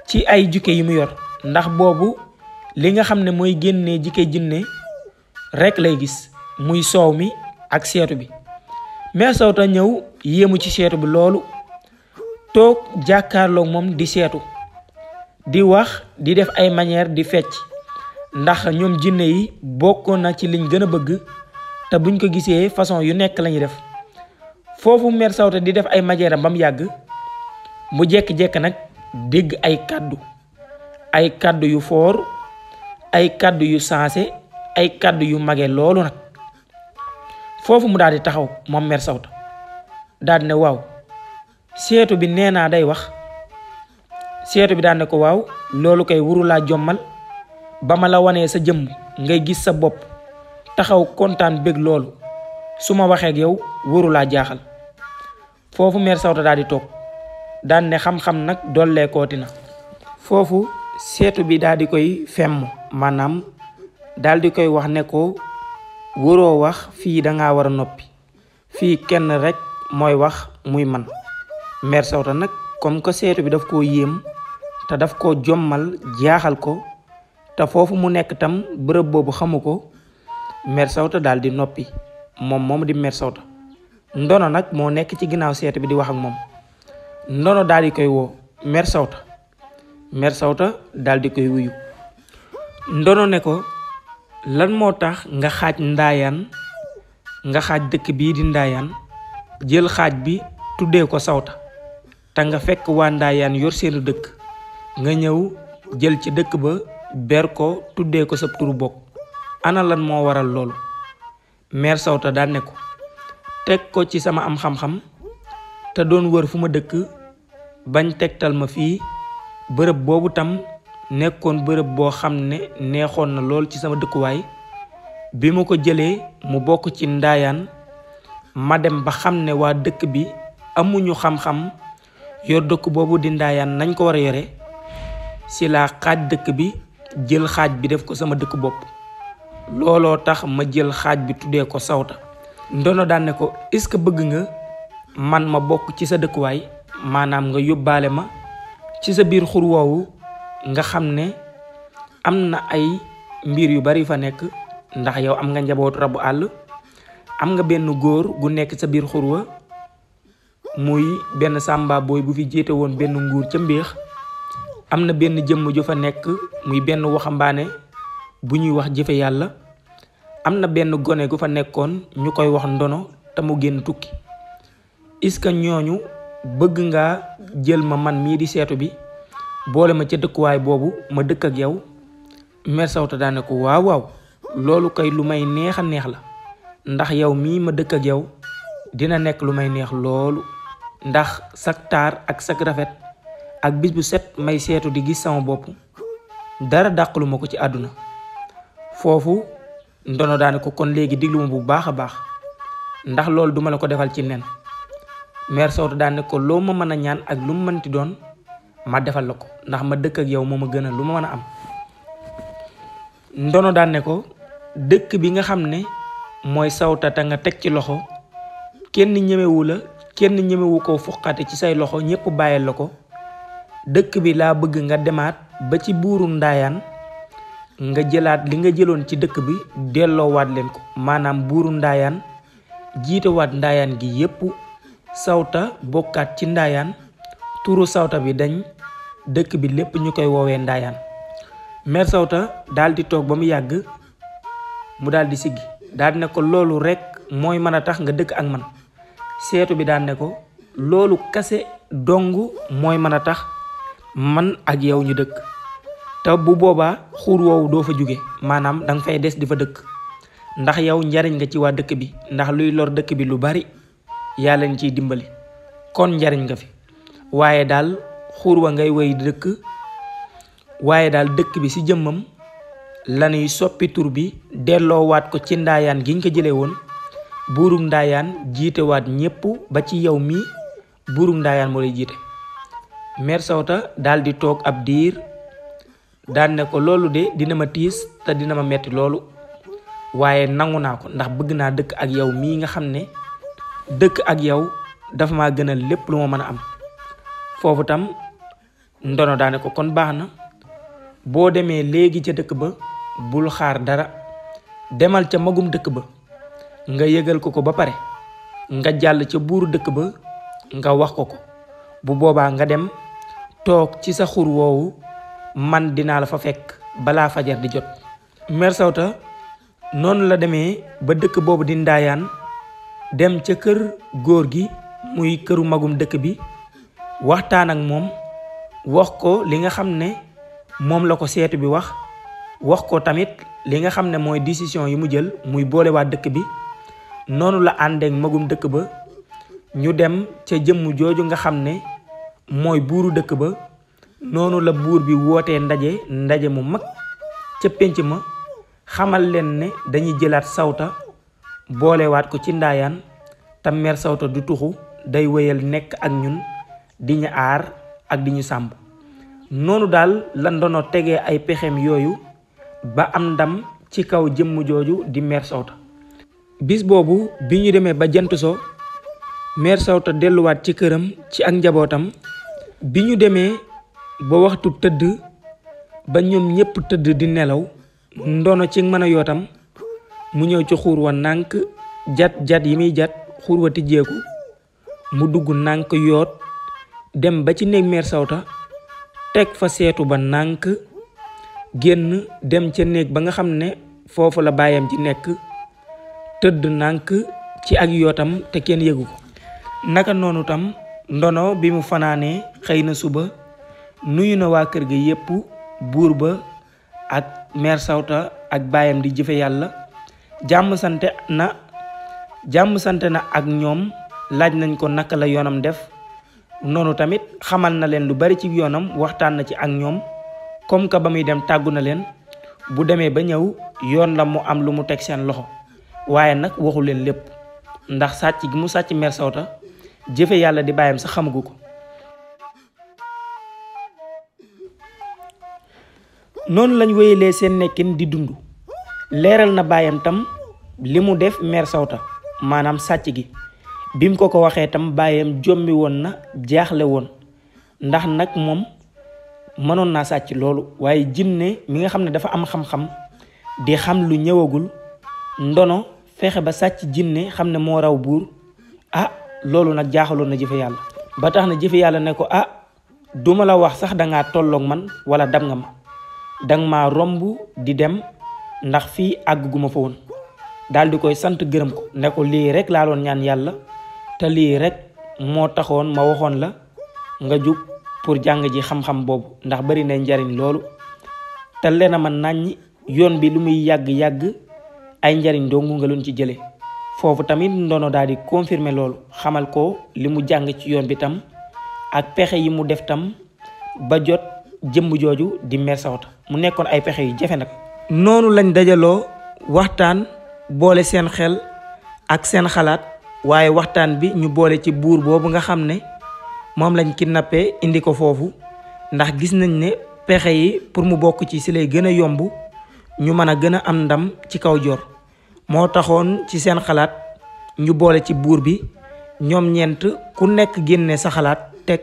ci ay jikke yi mu yor ndax boobu li nga xam ne mooy génne jikkey jinne rekk lay gis muy soow mi ak seetu bi mais sawta ñëw yéemu ci seetu bi loolu toog jàkkaarloog moom di seetu di wax di def ay manière di fecc ndax ñoom jinne yi bokkoon na ci liñ gën a bëgg te buñ ko gisee façon yu nekk lañuy def foofu mère sawta di def ay majeeram ba mu yàgg mu jekk-jekk nag dégg ay kàddu ay kàddu yu foor ay kàddu yu sansé ay kàddu yu mage loolu nag foofu mu daal di taxaw moom mère sawta daal waaw seetu bi nee naa day wax seetu bi daal ko waaw loolu koy wuru laa jommal ba ma la wanee sa jëmm ngay gis sa bopp taxaw kontaan bég loolu su ma waxee yow wuru laa jaaxal foofu meer sawta daal di toog daan ne xam-xam nag dollee kooti na foofu seetu bi daal di koy femm maanaam daal di koy wax ne ko waroo wax fii danga war a noppi fii kenn rek mooy wax muy man meer sawta nag comme que seetu bi daf koo yéem te daf koo jommal jaaxal ko te foofu mu nekk tam bërëb boobu xamu ko meer sawta dal di noppi moom moom di meer sawta ndono nag moo nekk ci ginnaaw seete bi di wax ak moom ndono daal koy woo mer sawta mer sawta daal koy wuyu ndono ne ko lan moo tax nga xaaj ndaayaan nga xaaj dëkk bii di ndaayaan jël xaaj bi tuddee ko sawta te nga fekk waa ndaayaan yor seenu dëkk nga ñëw jël ci dëkk ba ber ko tuddee ko sa turu bokk ana lan moo waral loolu meer sawta daan ne ko teg ko ci sama am xam-xam te doon wër fu ma dëkk bañ tegtal ma fii bërëb boobu tam nekkoon bërëb boo xam ne neexoon na lool ci sama dëkkuwaay bi ma ko jëlee mu bokk ci ndaayaan ma dem ba xam ne waa dëkk bi amuñu xam-xam yor dëkk boobu di ndaayaan nañ ko war a yore si laa xaaj dëkk bi jël xaaj bi def ko sama dëkk bopp looloo tax ma jël xaaj bi tuddee ko sawta ndono daan ne ko est-ce que bëgg nga man ma bokk ci sa dëkkuwaay maanaam nga yóbbaale ma ci sa biir xur woowu nga xam ne am na ay mbir yu bari fa nekk ndax yow am nga njabootu rabu àll am nga benn góor gu nekk sa biir xurwa muy benn sàmba booy bu fi jéete woon benn nguur ca mbéex am na benn jëmm ju fa nekk muy benn waxambaane bu ñuy wax jëfe yàlla am na benn gone gu fa nekkoon ñu koy wax ndono te mu génn tukki est que ñooñu bëgg nga jël ma man mii di seetu bi boole ma ca dëkkuwaay boobu ma dëkk ak yow mère Sawta daane ko waaw waaw loolu kay lu may neex a neex la ndax yow mii ma dëkk ak yow dina nekk lu may neex loolu ndax sak taar ak sak rafet ak bis bu set may seetu di gis sama bopp dara dàqalu ma ko ci àdduna foofu ndono daane ko kon léegi diglu bu baax a baax ndax loolu duma la ko defal ci nen mère Sow daane ko loo ma mën a ñaan ak lu mu mënti doon ma defal la ko ndax ma dëkk ak yow moo ma gën a lu ma mën a am ndono daane ko dëkk bi nga xam ne mooy sawta te nga teg ci loxo kenn ñemewu la kenn ñemewu ko fuqate ci say loxo ñépp bàyyil la ko dëkk bi laa bëgg nga demaat ba ci buuru ndaayaan nga jëlaat li nga jëloon ci dëkk bi delloowaat leen ko maanaam buur ndaayaan jiitewaat ndaayaan gi yépp sawta bokkaat ci ndaayaan tuuru sawta bi dañ dëkk bi lépp ñu koy woowee ndaayaan meer sawta daldi toog ba mu yàgg mu daldi di siggi daal ne ko loolu rekk mooy mën a tax nga dëkk ak man seetu bi daal ne ko loolu kase dong mooy mën a tax man ak yow ñu dëkk taw bu boobaa xuur woowu doo fa jóge maanaam danga fay des di fa dëkk ndax yow njariñ nga ci waa dëkk bi ndax luy lor dëkk bi lu bari yaa leen ciy dimbali kon njariñ nga fi waaye daal xuur wa ngay woy dëkk waaye daal dëkk bi ci jëmmam lanuy soppi tur bi delloowaat ko ci ndaayaan gi nga ko jëlee woon buurum ndaayaan jiitewaat ñépp ba ci yow mii buurum ndaayaan moo lay jiite mer sawta daal toog ab diir daan ko loolu de dina ma tiis te dina ma metti loolu waaye nangu naa ko ndax bëgg naa dëkk ak yow mii nga xam ne dëkk ak yow dafa maa gënal lépp lu ma mën a am foofu tam ndono daane ko kon baax na boo demee léegi ca dëkk ba bul xaar dara demal ca magum dëkk ba nga yëgal ko ko ba pare nga jàll ca buur dëkk ba nga wax ko ko bu boobaa nga dem toog ci sa xur woowu man dinaa la fa fekk balaa fajar di jot mère Sawta noonu la demee ba dëkk boobu di ndaayaan dem ca kër góor gi muy këru magum dëkk bi waxtaan ak moom wax ko li nga xam ne moom la ko seetu bi wax wax ko tamit li nga xam ne mooy décision yi mu jël muy boolewaat dëkk bi noonu la àndeek magum dëkk ba ñu dem ca jëmm jooju nga xam ne mooy buuru dëkk ba noonu la buur bi wootee ndaje ndaje mu mag ca pénc ma xamal leen ne dañuy jëlaat sawta boolewaat ko ci ndaayaan te mer sawta du tuxu day wéyal nekk ak ñun di ñu aar ak di ñu sàmb noonu daal la ndono tegee ay pexeem yooyu ba am ndam ci kaw jëmm jooju di meer sawta bis boobu bi ñu demee ba jant so meer sawta delluwaat ci këram ci ak njabootam bi ñu demee ba waxtu tëdd ba ñoom ñépp tëdd di nelaw ndono ci mën a yootam mu ñëw ci xuur wa nànk jat jat yi muy jat xuur wa tijjeeku mu dugg nànk yoot dem ba ci néeg meer sawta teg fa seetu ba nànk génn dem ca néeg ba nga xam ne foofu la baayam ci nekk tëdd nànk ci ag yootam te kenn yëgu ko naka noonu tam ndono bi mu fanaanee xëy na suba nuyu na waa kër gi yépp buur ba ak mère sawta ak baayam di jëfe yàlla jàmm sante na jàmm sante na ak ñoom laaj nañ ko naka la yoonam def noonu tamit xamal na leen lu bari ci yoonam waxtaan na ci ak ñoom comme que ba muy dem tàggu na leen bu demee ba ñëw yoon la mu am lu mu teg seen loxo waaye nag waxu leen lépp ndax sàcc gi mu sàcc mer sawta jëfe yàlla di bàyyam sax xamagu ko noonu lañ wéyalee seen nekkin di dund leeral na baayam tam li mu def mère sawta maanaam sàcc gi bim ko ko waxee tam baayam jommi woon na jaaxle woon ndax nag moom mënoon naa sàcc loolu waaye jinne mi nga xam ne dafa am xam-xam di xam lu ñëwagul ndono fexe ba sàcc jinne xam ne moo raw buur ah loolu nag jaaxaloon na jëfe yàlla ba tax na jëfe yàlla ne ko ah duma la wax sax dangaa tolloog man wala dab nga ma danga ma romb di dem ndax fii àgg gu ma fa woon daal di koy sant gërëm ko ne ko lii rekk laa doon ñaan yàlla te lii rek moo taxoon ma waxoon la nga jug pour jàng ji xam-xam boobu ndax bari na njariñ loolu te lena ma nàññi yoon bi lu muy yàgg-yàgg ay njariñ doo nga ci jële foofu tamit ndono daal di confirmer loolu xamal ko li mu jàng ci yoon bi tam ak pexe yi mu def tam ba jot jëmb jooju di meer Sawta mu nekkoon ay pexe yu jafe nag. noonu lañ dajaloo waxtaan boole seen xel ak seen xalaat waaye waxtaan bi ñu boole ci buur boobu nga xam ne moom lañ ki kidnappé indi ko foofu ndax gis nañ ne pexe yi pour mu bokk ci si lay gën a yomb ñu mën a gën a am ndam ci kaw jor moo taxoon ci seen xalaat ñu boole ci buur bi ñoom ñeent ku nekk génne sa xalaat teg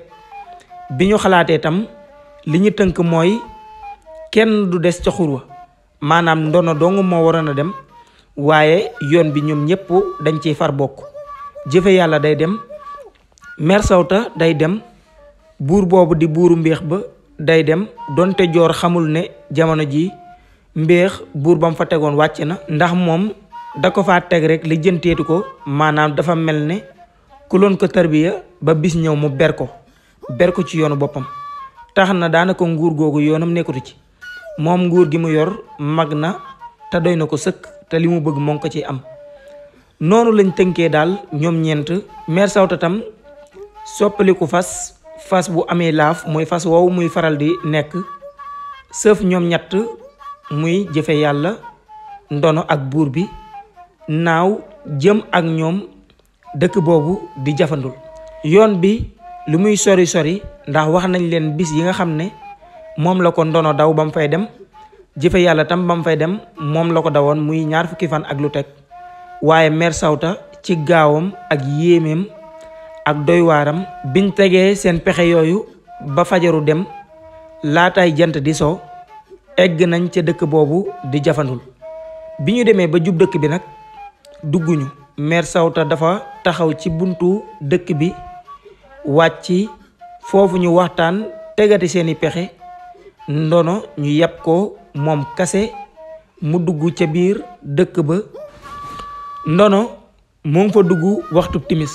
bi ñu xalaatee tam. li ñu tënk mooy kenn du des ca wa maanaam ndono dong moo waroon a dem waaye yoon bi ñoom ñëpp dañ ciy far bokk jëfe yàlla day dem mer day dem buur boobu di buuru mbéex ba day dem donte joor xamul ne jamono ji mbéex buur ba mu fa tegoon wàcc na ndax moom da ko faa teg rek li ko maanaam dafa mel ne ku loon ko tarbiya ba bis ñëw mu ber ko ber ko ci yoonu boppam tax na daanaka nguur googu yoonam nekkatu ci moom nguur gi mu yor mag na te doy na ko sëkk te li mu bëgg moo ngi ko ciy am noonu lañ tënkee daal ñoom ñeent mère Sawta soppaliku fas fas bu amee laaf mooy fas wow muy faral di nekk sëf ñoom ñett muy jëfe yàlla ndono ak buur bi naaw jëm ak ñoom dëkk boobu di jafandul yoon bi li muy sori sori ndax wax nañ leen bis yi nga xam ne moom la ko ndono daw ba mu fay dem jëfe yàlla tam ba mu fay dem moom la ko dawoon muy ñaar fukki fan ak lu teg waaye meer sawta ci gaawam ak yéemeem ak doy waaram biñ tegee seen pexe yooyu ba fajaru dem laatay jant di soo egg nañ ca dëkk boobu di jafandul bi ñu demee ba jub dëkk bi nag dugguñu meer sawta dafa taxaw ci buntu dëkk bi wàcc foofu ñu waxtaan tegati seeni pexe ndono ñu yàpp ko moom kase mu dugg ca biir dëkk ba ndono mu fa dugg waxtu timis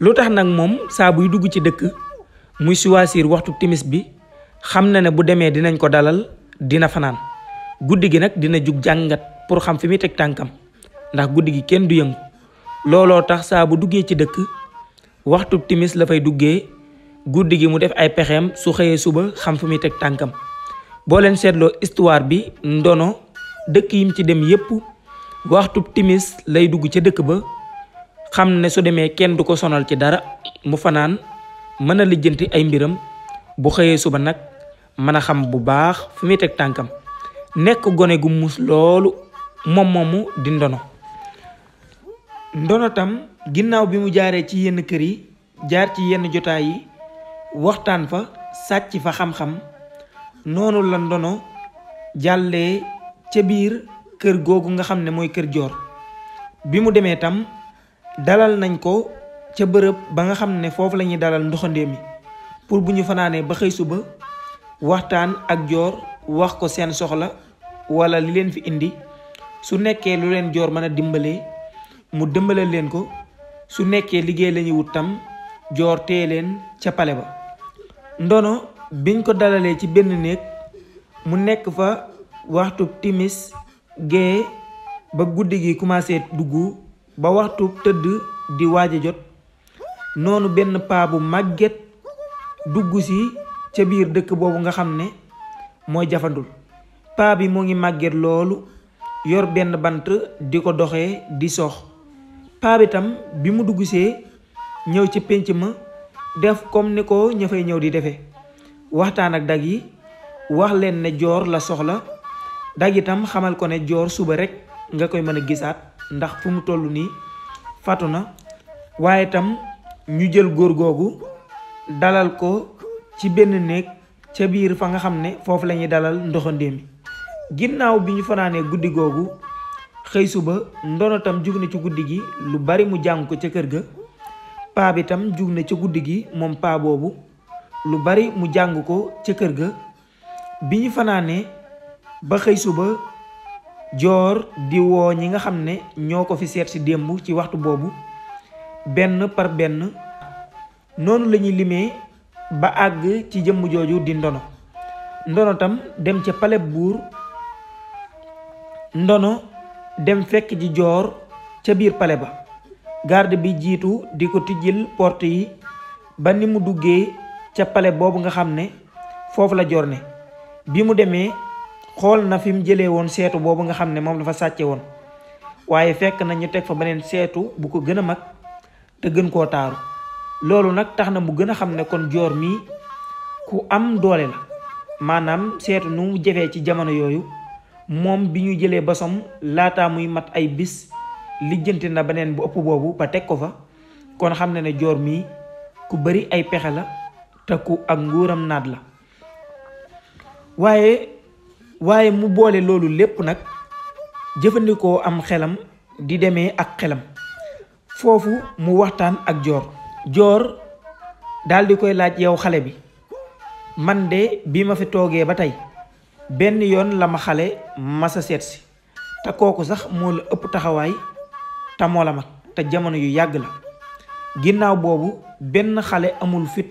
lu tax nag moom saa buy dugg ci dëkk muy choisir waxtu timis bi xam na ne bu demee dinañ ko dalal dina fanaan guddi gi nag dina jug jàngat pour xam fi muy teg tànkam ndax guddi gi kenn du yëngu looloo tax saa bu duggee ci dëkk waxtu timis la fay duggee guddi gi mu def ay pexeem su xëyee suba xam fu muy teg tànkam boo leen seetloo histoire bi ndono dëkk yim ci dem yépp waxtu timis lay dugg ca dëkk ba xam ne su demee kenn du ko sonal ci dara mu fanaan mën a lijjanti ay mbiram bu xëyee suba nag mën a xam bu baax fu muy teg tànkam nekk gone gu muus loolu moom moomu di ndono ndono tam ginnaaw bi mu jaaree ci yenn kër yi jaar ci yenn jotaay yi waxtaan fa sàcc fa xam-xam noonu la ndono jàllee ca biir kër googu nga xam ne mooy kër joor bi mu demee tam dalal nañ ko ca bërëb ba nga xam ne foofu lañuy ñuy dalal ndoxandee mi pour bu ñu fanaanee ba xëy suba waxtaan ak joor wax ko seen soxla wala li leen fi indi su nekkee lu leen joor mën a dimbalee mu dimbalal leen ko su nekkee liggéey lañuy wut joor tee leen ca pale ba ndono biñ ko dalalee ci benn néeg mu nekk fa waxtu timis gee ba guddi gi commencé dugg ba waxtu tëdd di waaja jot noonu benn paa bu màgget dugg si ca biir dëkk boobu nga xam ne mooy jafandul paa bi mu ngi màgget loolu yor benn bant di ko doxe di sox paa bi bi mu dugg ñëw ci pénc ma def comme ni ko ña ñëw di defee waxtaan ak dag yi wax leen ne joor la soxla dag itam xamal ko ne joor suba rekk nga koy mën a gisaat ndax fu mu toll nii fatu na waaye tam ñu jël góor googu dalal ko ci benn néeg ca biir fa nga xam ne foofu lañuy dalal ndoxandéem mi ginnaaw bi ñu fanaanee guddi googu xëy suba ndono tam jug na ci guddi gi lu bari mu jàng ko ca kër ga paa bitam tam jug na ca guddi gi moom paa boobu lu bari mu jàng ko ca kër ga bi ñu fanaanee ba xëy suba joor di woo ñi nga xam ne ñoo ko fi seet si démb ci waxtu boobu benn par benn noonu lañuy ñuy limee ba àgg ci jëmm jooju di ndono ndono tam dem ca palais buur ndono dem fekk ji joor ca biir pale ba garde bi jiitu di ko tijjil porte yi ba ni mu duggee ca pale boobu nga xam ne foofu la joor ne bi mu demee xool na fi mu jëlee woon seetu boobu nga xam ne moom la fa sàcce woon waaye fekk nañu teg fa beneen seetu bu ko gën a mag te gën koo taaru loolu nag tax na mu gën a xam ne kon joor mi ku am doole la maanaam seetu nu mu jafee ci jamono yooyu moom bi ñu jëlee Bosom laataa muy mat ay bis lijjanti na beneen bu ëpp boobu ba teg ko fa kon xam na ne joor mii ku bari ay pexe la te ku ak nguuram naat la waaye waaye mu boole loolu lépp nag jëfandikoo am xelam di demee ak xelam foofu mu waxtaan ak joor joor daal di koy laaj yow xale bi man de bi ma fi toogee ba tey benn yoon la ma xale masa seet si te kooku sax moo la ëpp taxawaay te moo la mag te jamono yu yàgg la ginnaaw boobu benn xale amul fit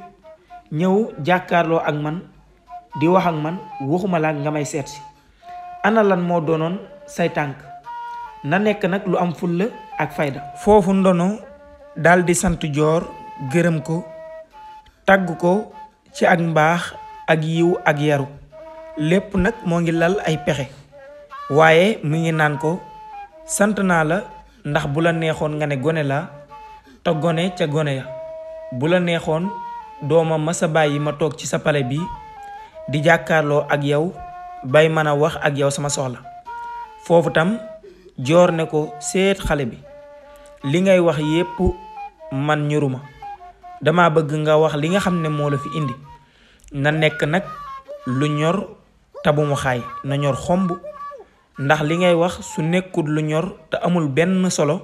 ñëw jàkkaarloo ak man di wax man waxuma laa nga may seet si lan moo doonoon say tànk na nekk nag lu am fulla ak fayda foofu ndono daldi di sant joor gërëm ko tàgg ko ci ak mbaax ak yiw ak yaru lépp nag moo ngi lal ay pexe waaye mu ngi naan ko sant naa la ndax bu la neexoon nga ne gone laa te gone ca gone ya bu la neexoon dooma masa bàyyi ma toog ci sa pale bi di jàkkaarloo ak yow bay mën a wax ak yow sama soxla foofu tam joor ne ko seet xale bi li ngay wax yépp man ñuruma dama bëgg nga wax li nga xam ne moo la fi indi nga nekk nag lu ñor te bu mu xaay na ñor xomb ndax li ngay wax su nekkul lu ñor te amul benn solo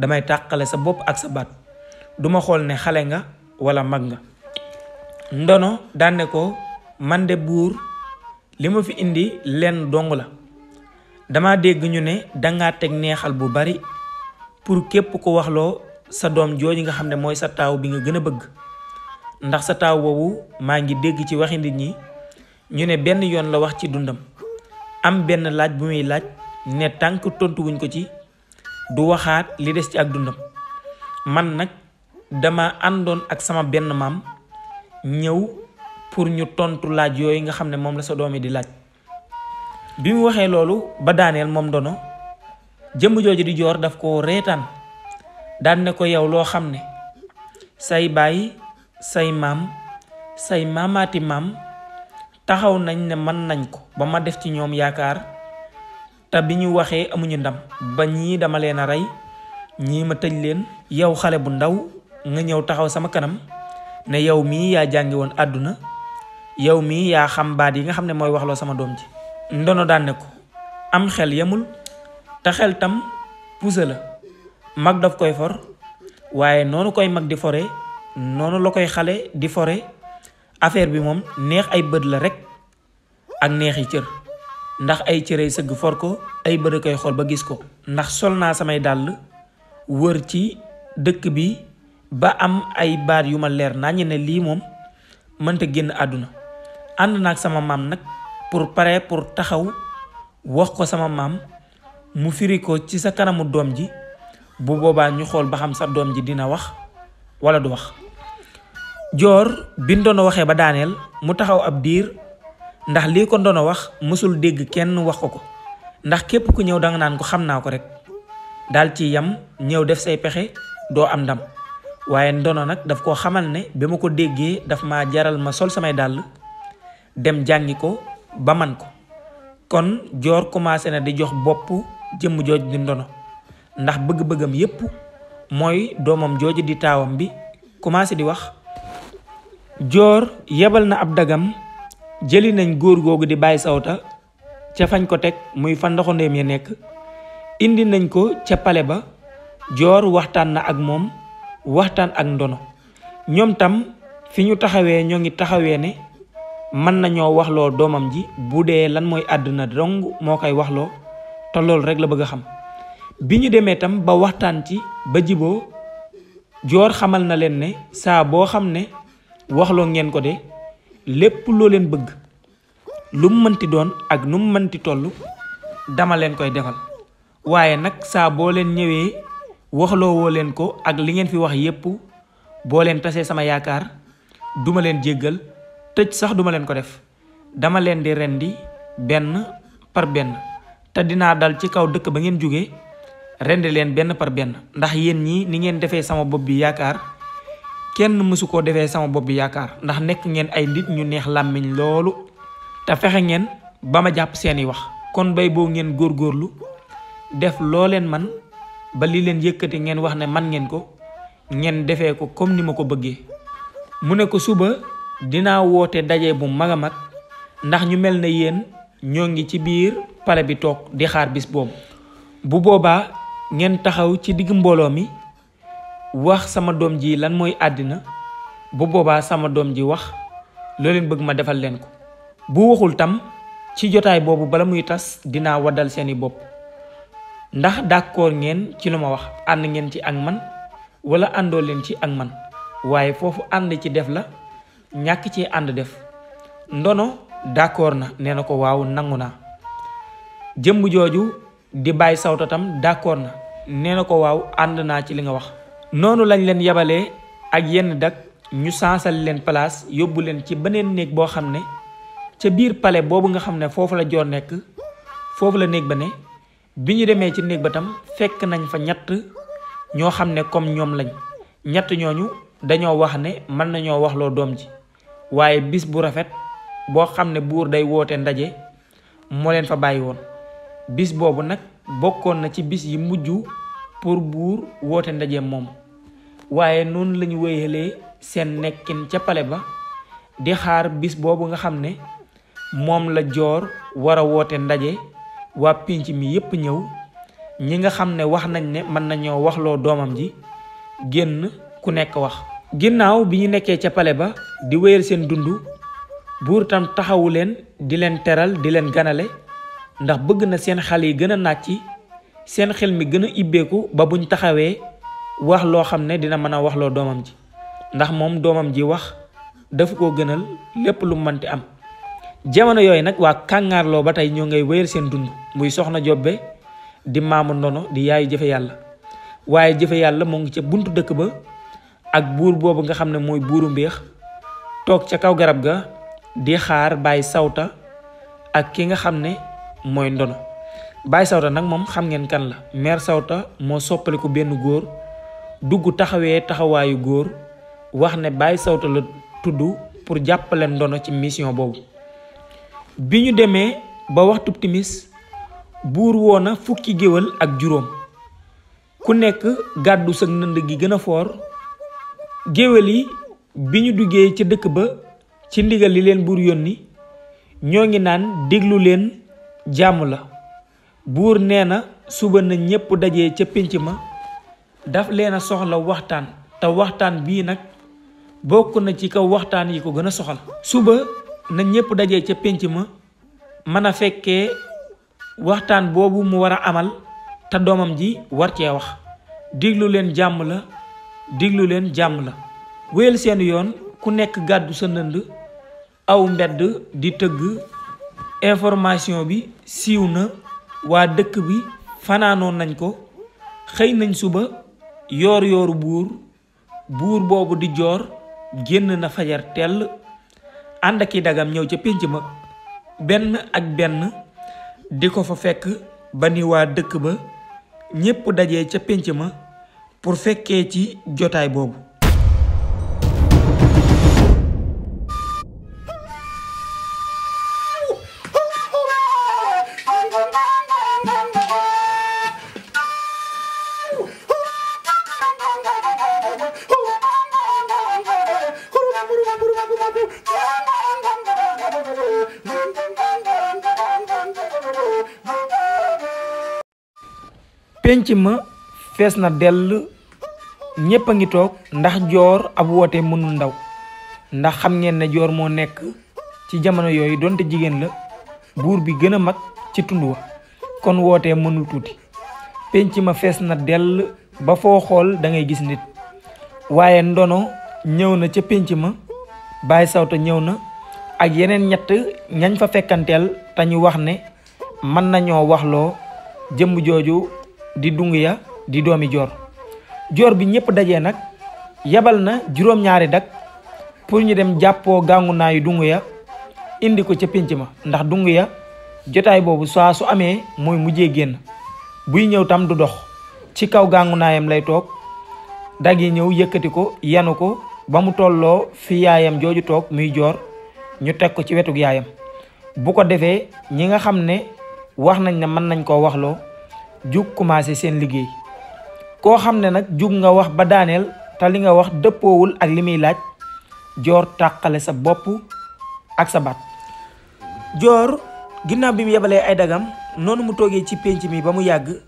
damay tàqale sa bopp ak sa baat duma xool ne xale nga walla mag nga ndono daane ko man de buur li ma fi indi lenn dong la dama dégg ñu ne danga teg neexal bu bari pour képp ko waxloo sa doom jooju nga xam ne mooy sa taaw bi nga gën a bëgg ndax sa taaw boobu maa ngi dégg ci waxi nit ñi ñu ne benn yoon la wax ci dundam am benn laaj bu muy laaj ne tànk tontuwuñ ko ci du waxaat li des ci ak dundam man nag dama àndoon ak sama benn maam ñëw pour ñu tontu laaj yooyu nga xam ne moom la sa doom yi di laaj bi mu waxee loolu ba daaneel moom dono jëmm jooju di joor daf ko reetaan daan ne ko yow loo xam ne say baay say maam say maamaati maam taxaw nañ ne man nañ ko ba ma def ci ñoom yaakaar te bi ñu waxee amuñu ndam ba ñii dama leen a rey ñii ma tëj leen yow xale bu ndaw nga ñëw taxaw sama kanam ne yow mii yaa jàngi woon àdduna yow mii yaa xam baat yi nga xam ne mooy waxloo sama doom ji ndono daan ne ko am xel yemul te xel tam pusa la mag daf koy for waaye noonu koy mag di fore noonu la koy xale di fore affaire bi moom neex ay bët la rekk ak neex yi cër ndax ay cërey sëgg for ko ay bët a xool ba gis ko ndax sol naa samay dàll wër ci dëkk bi ba am ay baat yu ma leer nañu ne lii moom mënta génn àdduna ànd na ak sama maam nag pour pare pour taxaw wax ko sama maam mu firi ko ci sa kanamu doom ji bu boobaa ñu xool ba xam sa doom ji dina wax walla du wax joor bi ndono waxee ba daaneel mu taxaw ab diir ndax lii ko ndono wax mosul dégg kenn wax ko ko ndax képp ku ñëw danga naan ko xam naa ko rek daal ci yam ñëw def say pexe doo am ndam waaye ndono nag daf koo xamal ne bi ma ko déggee dafa ma jaral ma sol samay dàll dem jàngi ko ba man ko kon joor commencé na di jox bopp jëmm jooj di ndono ndax bëgg-bëggam yépp mooy doomam jooju di taawam bi commencé di wax joor yebal na ab dagam jëli nañ góor googu di bàyyi sawta ca fañ ko teg muy fa ndoxandeem ya nekk indi nañ ko ca pale ba joor waxtaan na ak moom waxtaan ak ndono ñoom tam fi ñu taxawee ñoo ngi taxawee ne mën nañoo waxloo doomam ji bu dee lan mooy àdduna dong moo koy waxloo te loolu rek la bëgg a xam bi ñu demee tam ba waxtaan ci ba jiboo joor xamal na leen ne saa boo xam ne waxloo ngeen ko de lépp loo leen bëgg lu mu mënti doon ak nu mu mënti toll dama leen koy defal waaye nag saa boo leen ñëwee waxloo woo leen ko ak li ngeen fi wax yépp boo leen tasee sama yaakaar duma leen jéggal tëj sax duma leen ko def dama leen di rendi benn par benn te dinaa dal ci kaw dëkk ba ngeen jóge rendi leen benn par benn ndax yéen ñi ni ngeen defee sama bopp bi yaakaar kenn mësu koo defee sama bopp bi yaakaar ndax nekk ngeen ay nit ñu neex làmmiñ loolu te fexe ngeen ba ma jàpp seeni wax kon bay boo ngeen góor góorlu def loo leen man ba li leen yëkkati ngeen wax ne man ngeen ko ngeen defee ko comme ni ma ko bëggee mu ne ko suba dinaa woote daje bu mag a mag ndax ñu mel ne yéen ñoo ngi ci biir pale bi toog di xaar bis boobu bu boobaa ngeen taxaw ci diggu mbooloo mi wax sama doom ji lan mooy àddina bu boobaa sama doom ji wax loo leen bëgg ma defal leen ko bu waxul tam ci jotaay boobu bala muy tas dinaa waddal seeni bopp ndax d'accord ngeen ci lu ma wax ànd ngeen ci ak man wala àndoo leen ci ak man waaye foofu ànd ci def la ñàkk ci ànd def ndono d'accord na nee na ko waaw nangu naa jëmb jooju di bàyyi tam d'accord na nee na ko waaw ànd naa ci li nga wax noonu lañ leen yabalee ak yenn dak ñu sansal leen place yóbbu leen ci beneen néeg boo xam ne ca biir pale boobu nga xam ne foofu la joor nekk foofu la néeg ba ne bi ñu demee ci néeg ba tam fekk nañ fa ñett ñoo xam ne comme ñoom lañ ñett ñooñu dañoo wax ne mën nañoo wax loo doom ji waaye bis bu rafet boo xam ne buur day woote ndaje moo leen fa bàyyi woon bis boobu nag bokkoon na ci bis yi mujj pour buur woote ndaje moom waaye noonu lañu wéyalee seen nekkin ca pale ba di xaar bis boobu nga xam ne moom la joor wara woote ndaje waa pinc mi yépp ñëw ñi nga xam ne wax nañ ne mën nañoo waxloo doomam ji génn ku nekk wax ginnaaw bi ñu nekkee ca pale ba di wéyal seen dund buur tam taxawu leen di leen teral di leen ganale ndax bëgg na seen xal yi gën a nàcc seen xel mi gën a ibbeeku ba bu ñu taxawee wax loo xam ne dina mën a wax loo doomam ji ndax moom doomam ji wax dafa ko gënal lépp lu mënti am jamono yooyu nag waa kàngaarloo ba tey ñoo ngay wéyal seen dund muy soxna jobbe di maamu ndono di yaayu jëfe yàlla waaye jëfe yàlla moo ngi ca buntu dëkk ba ak buur boobu nga xam ne mooy buuru mbéex toog ca kaw garab ga di xaar bay sawta ak ki nga xam ne mooy ndono Baye Sawta nag moom xam ngeen kan la mère Sawta moo soppaliku benn góor dugg taxawee taxawaayu góor wax ne Baye Sawta la tudd pour jàppaleen ndono ci mission boobu bi ñu demee ba waxtu timis buur woon na fukki géwél ak juróom ku nekk gàddu sa nënd gi gën a foor géwal yi bi ñu duggee ca dëkk ba ci ndigal li leen buur yónni ñoo ngi naan déglu leen jàmm la buur nee na suba na ñépp daje ca pénc ma daf leen a soxla waxtaan te waxtaan bii nag bokk na ci kaw waxtaan yi ko gën a soxal suba na ñépp daje ca pénc ma mën a fekke waxtaan boobu mu war a amal te doomam ji war cee wax diglu leen jàmm la diglu leen jàmm la wéyal seen yoon ku nekk gàddu sa ndënd aw mbedd di tëgg information bi siiw na waa dëkk bi fanaanoo nañ ko xëy nañ suba yoor yooru buur buur boobu di joor génn na fajar tell ànd i dagam ñëw ca pénc mag benn ak benn di ko fa fekk ba ni waa dëkk ba ñépp dajee ca pénc ma pour fekkee ci jotaay boobu penc ma fees na dell ñépp a ngi toog ndax joor ab woote mënul ndaw ndax xam ngeen ne joor moo nekk ci jamono yooyu doonte jigéen la buur bi gën a mag ci tund wa kon wootee mënul tuuti penc ma fees na dell ba foo xool dangay gis nit waaye ndono ñëw na ca penc ma Baye Sawta ñëw na ak yeneen ñett ñañ fa fekkanteel te ñu wax ne mën nañoo waxloo jëmm jooju di dunguya di doomi joor joor bi ñëpp dajee nag yabal na juróom-ñaari dag pour ñu dem jàppoo gàngu naayu dunguya indi ko ca pénc ma ndax ya jotaay boobu saa su amee muy mujje génn buy ñëw tam du dox ci kaw gàngunaayam lay toog dag ñëw yëkkati ko yanu ko ba mu tolloo fi yaayam jooju toog muy joor ñu teg ko ci wetug yaayam bu ko defee ñi nga xam ne wax nañ ne mën nañ koo waxloo jug commencé seen liggéey koo xam ne nag jug nga wax ba daaneel te li nga wax dëppoowul ak li muy laaj joor tàqale sa bopp ak sa baat joor ginnaaw bi mu yebalee ay dagam noonu mu toogee ci pénc mi ba mu yàgg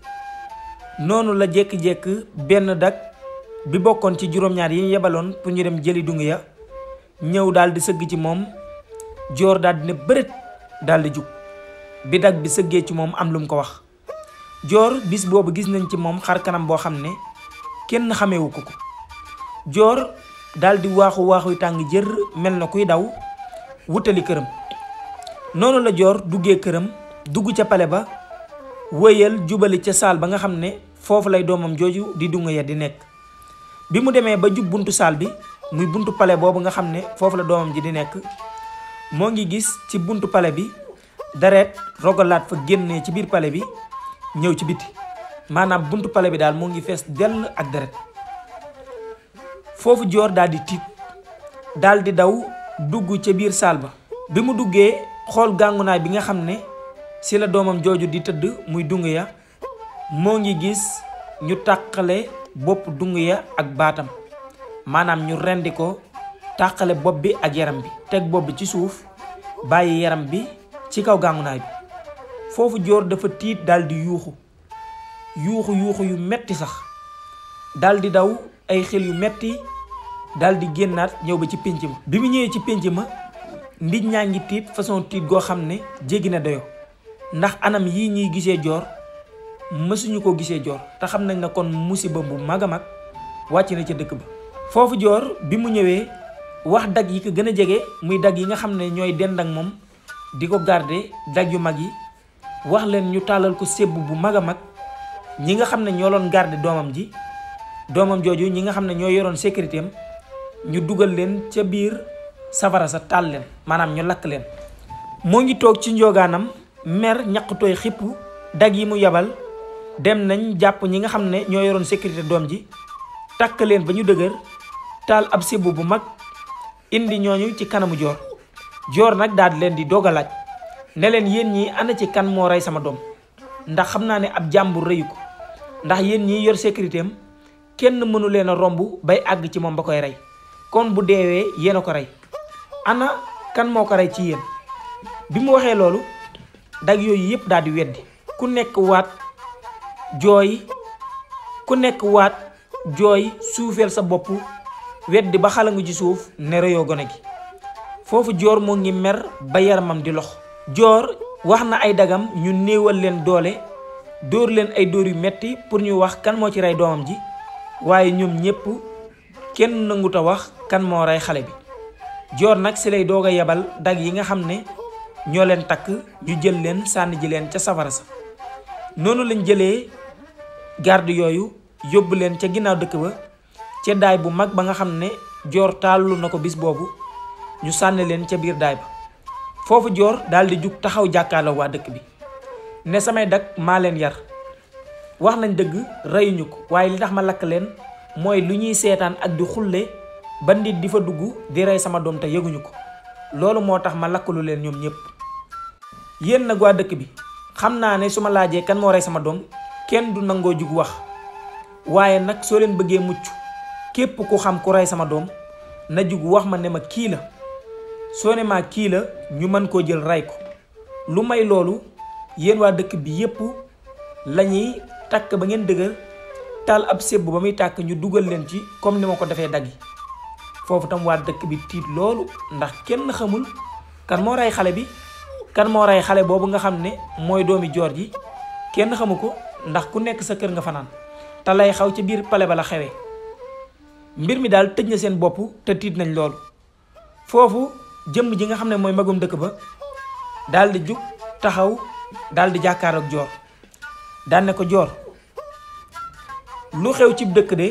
noonu la jékki-jékki benn dag bi bokkoon ci juróom-ñaar yi ñu yebaloon pour ñu dem jëli dung ya ñëw daldi sëgg ci moom joor daal di ne bërét daal jug bi dagg bi sëggee ci moom am lu mu ko wax joor bis boobu gis nañ ci moom xar kanam boo xam ne kenn xamewu ko ko joor daldi di waaxu waaxuy tàng jër mel na kuy daw wutali këram noonu la joor duggee këram dugg ca pale ba wëyal jubali ca saal ba nga xam ne foofu lay doomam jooju di dunga ya di nekk bi mu demee ba jub buntu saal bi muy buntu pale boobu nga xam ne foofu la doomam ji di nekk moo ngi gis ci buntu pale bi dareet rogalaat fa génnee ci biir pale bi ñëw ci biti maanaam bunt pale bi daal moo ngi fees dell ak deret foofu joor daal di tiit daal daw dugg ca biir saal ba bi mu duggee xool gàngunaay bi nga xam ne ci la doomam jooju di tëdd muy dung ya moo ngi gis ñu tàqale bopp dung ya ak baatam maanaam ñu rendi ko taqale bopp bi ak yaram bi teg bopp bi ci suuf bàyyi yaram bi ci kaw gàngunaay bi foofu joor dafa tiit daal di yuuxu yuuxu yuuxu yu metti sax daldi daw ay xel yu metti daal di génnaat ñëw ba ci pénc ma bi mu ñëwee ci pénc ma nit ñaa ngi tiit façon tiit goo xam ne jéggi na dayo ndax anam yi ñuy gisee joor mësuñu ko gisee joor te xam nañ ne kon musiba bu mag a mag wàcc na ca dëkk ba foofu joor bi mu ñëwee wax dag yi ko gën a jege muy dagg yi nga xam ne ñooy dend ak moom di ko garde dag yu mag yi wax leen ñu tàllal ko sébb bu mag a mag ñi nga xam ne ñoo doon garder doomam ji doomam jooju ñi nga xam ne ñoo yoroon sécurité ñu dugal leen ca biir safara sa taal leen maanaam ñu lakk leen moo ngi toog ci njoogaanam mer ñaqutooy xippu dag yi mu yabal dem nañ jàpp ñi nga xam ne ñoo yoroon sécurité doom ji takk leen ba ñu dëgër taal ab sébb bu mag indi ñooñu ci kanamu joor joor nag daal leen di doog a laaj ne leen yéen ñii ana ci kan moo rey sama doom ndax xam naa ne ab jàmbur reyu ko ndax yéen ñii yor sécurité kenn mënu leen a romb bay àgg ci moom ba koy rey kon bu deewee yéen ko rey ana kan moo ko rey ci yéen bi mu waxee loolu dag yooyu yëpp daal di weddi ku nekk waat jooy ku nekk waat jooy suufeel sa bopp weddi ba xala nga ci suuf ne reyoo gone gi foofu joor moo ngi mer ba yaramam di lox joor wax na ay dagam ñu néewal leen doole dóor leen ay dóor yu metti pour ñu wax kan moo ci rey doomam ji waaye ñoom ñépp kenn nangut a wax kan moo rey xale bi joor nag si lay doog a yebal dagg yi nga xam ne ñoo leen takk ñu jël leen sànniji leen ca safara sa noonu lañ jëlee garde yooyu yóbbu leen ca ginnaaw dëkk ba ca daay bu mag ba nga xam ne joor taalu na ko bis boobu ñu sànni leen ca biir daay ba foofu joor daldi di jug taxaw jàkkaarloo waa dëkk bi ne samay dagg maa leen yar wax nañ dëgg reyuñu ko waaye li tax ma lakk leen mooy lu ñuy seetaan ak di xulle bandit di fa dugg di rey sama doom te yëguñu ko loolu moo tax ma lakkalu leen ñoom ñëpp yéen nag waa dëkk bi xam naa ne su ma laajee kan moo rey sama doom kenn du nangoo jug wax waaye nag soo leen bëggee mucc képp ku xam ku rey sama doom na jug wax ma ne ma kii la soo ne maa kii la ñu mën koo jël rey ko lu may loolu yéen waa dëkk bi yépp la ñuy takk ba ngeen dëgër taal ab sébb ba muy tàkk ñu dugal leen ci comme ni ma ko defee dagg foofu tam waa dëkk bi tiit loolu ndax kenn xamul kan moo rey xale bi kan moo rey xale boobu nga xam ne mooy doomi joor ji kenn xamu ko ndax ku nekk sa kër nga fanaan te lay xaw ci biir pale ba la xewee mbir mi daal tëj na seen bopp te tiit nañ loolu foofu jëmm ji nga xam ne mooy magum dëkk ba daldi di taxaw daal di jàkkaar ak joor daan ko joor lu xew ci dëkk de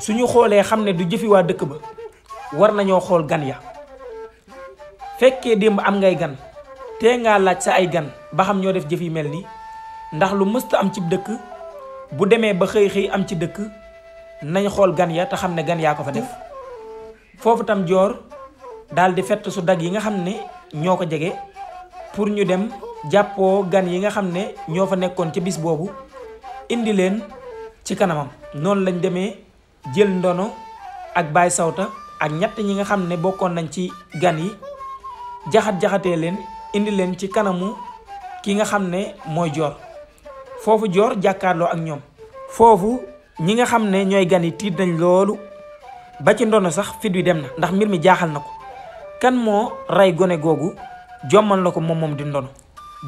su ñu xoolee xam ne du jëfi dëkk ba war nañoo xool gan ya fekkee démb am ngay gan tee ngaa laaj sa ay gan ba xam ñoo def jëf yi mel nii ndax lu mësta am cib dëkk bu demee ba xëy xëy am ci dëkk nañ xool gan ya te xam ne gan yaa ko fa def foofu tam joor daal di fett su dag yi nga xam ne ñoo ko jege pour ñu dem jàppoo gan yi nga xam ne ñoo fa nekkoon ca bis boobu indi leen ci kanamam noonu lañ demee jël ndono ak baay sawta ak ñett ñi nga xam ne bokkoon nañ ci gan yi jaxat-jaxatee leen indi leen ci kanamu ki nga xam ne mooy joor foofu joor jàkkaarloo ak ñoom foofu ñi nga xam ne ñooy gan yi tiit nañ loolu ba ci ndono sax fit wi dem na ndax mbir mi jaaxal na ko kan moo rey gone googu jommal la ko moom moom di ndono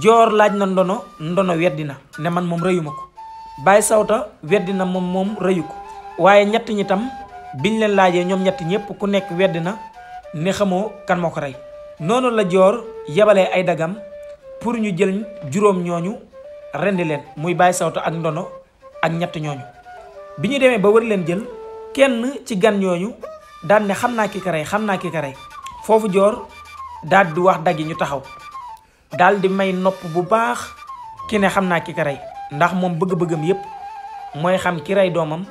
joor laaj na ndono ndono weddi na ne man moom reyuma ko Baye Sawta weddi na moom moom reyu ko waaye ñett ñi tam biñ leen laajee ñoom ñett ñëpp ku nekk weddi na ne xamoo kan moo ko rey noonu la joor yebalee ay dagam pour ñu jël juróom ñooñu rendi leen muy Baye Sawta ak ndono ak ñett ñooñu bi ñu demee ba wër leen jël kenn ci gan ñooñu daan ne xam naa ki ko rey xam naa ki ko rey foofu joor daldi wax dagg ñu taxaw daal di may nopp bu baax ki ne xam naa ki ko rey ndax moom bëgg-bëggam yépp mooy xam ki rey doomam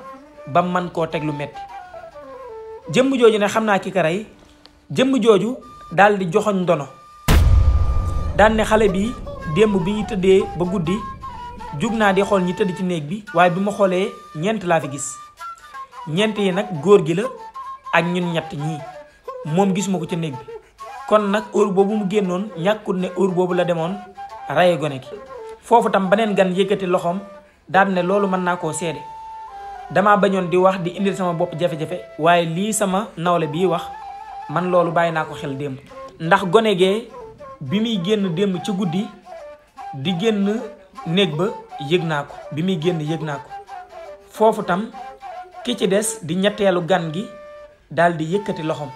ba man koo teg lu metti jëmm jooju ne xam naa ki ko rey jëmm jooju daal di joxoñ ndono daan ne xale bi démb bi ñu tëddee ba guddi jug naa di xool ñi tëdd ci néeg bi waaye bi ma xoolee ñeent laa fi gis ñeent yi nag góor gi la ak ñun ñett ñii moom gisuma ko ca néeg bi kon nag heure boobu mu génnoon ñàkkul ne heure boobu la demoon raye gone gi foofu tam beneen gan yëkkati loxoom daan ne loolu mën naa koo seede damaa bañoon di wax di indil sama bopp jafe-jafe waaye lii sama nawle bii wax man loolu bàyyi naa ko xel démb ndax gone gee bi muy génn démb ci guddi di génn néeg ba yëg naa ko bi muy génn yëg naa ko foofu tam ki ci des di ñetteelu gan gi daal di yëkkati loxoom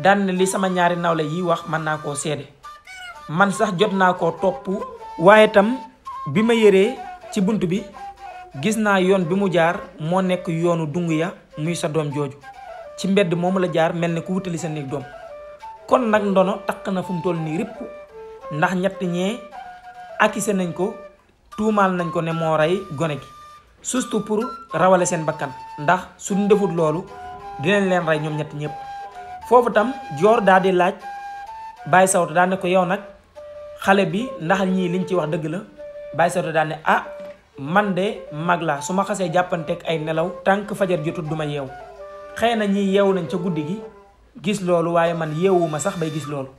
daan na li sama ñaari nawle yi wax mën naa koo seede man sax jot naa koo topp waaye tam bi ma yëree ci bunt bi gis naa yoon bi mu jaar moo nekk yoonu dung ya muy sa doom jooju ci mbedd moomu la jaar mel ne ku wutali seen néeg doom kon nag ndono takk na fu mu toll nii ripp ndax ñett ñee akise nañ ko tuumaal nañ ko ne moo rey gone gi surtout pour rawale seen bakkan ndax suñ defut loolu dinañ leen rey ñoom ñett ñëpp foofu tam joor daal di laaj Baye Sawta daan ne ko yow nag xale bi ndax ñii liñ ci wax dëgg la Baye Sawta daan ne ah man de mag laa su ma xasee jàppanteeg ay nelaw tànk fajar jotut du ma yeew xëy na ñii yeewu lañ ca guddi gi gis loolu waaye man yeewuma sax bay gis loolu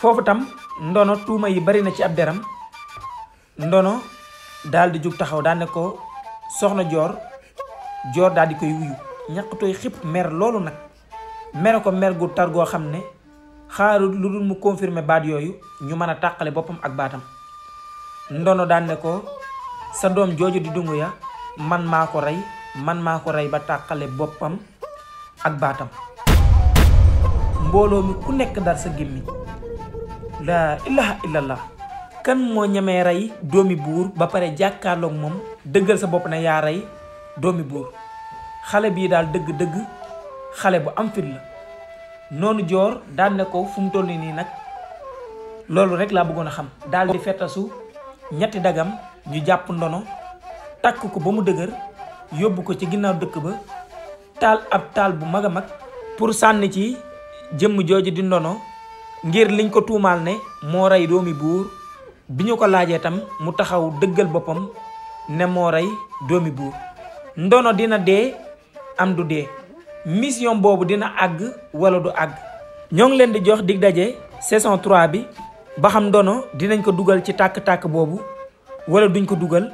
foofu tam ndono tuuma yi bari na ci ab deram ndono daal di jug taxaw daan ne ko soxna joor joor daal di koy wuyu ñaq tooy xib mer loolu nag mere ko mer tar goo xam ne xaarul lu dul mu confirmer baat yooyu ñu mën a tàqale boppam ak baatam ndono daan ne ko sa doom jooju di dungu ya man maa ko rey man maa ko rey ba tàqale boppam ak baatam mbooloo mi ku nekk dar sa gémmiñ laa ilaha illallah kan moo ñamee rey doomi buur ba pare jàkkaarloog moom dëggal sa bopp na yaa rey doomi buur xale bii daal dëgg-dëgg xale bu am fit la noonu joor dal ne ko fu mu toll nii nag loolu rek laa bëggoon a xam daal di fettasu ñetti dagam ñu jàpp ndono takk ko ba mu dëgër yóbbu ko ci ginnaaw dëkk ba taal ab taal bu mag a mag pour sànni ci jëmm jooju di ndono ngir liñ ko tuumaal ne moo rey doomi buur bi ñu ko laajee tam mu taxaw dëggal boppam ne moo rey doomi buur ndono dina dee am du dee mission boobu dina àgg wala du àgg ñoo ngi leen di jox dig daje saison 3 bi ba xam ndono dinañ ko dugal ci tàkk-tàkk boobu wala duñ ko dugal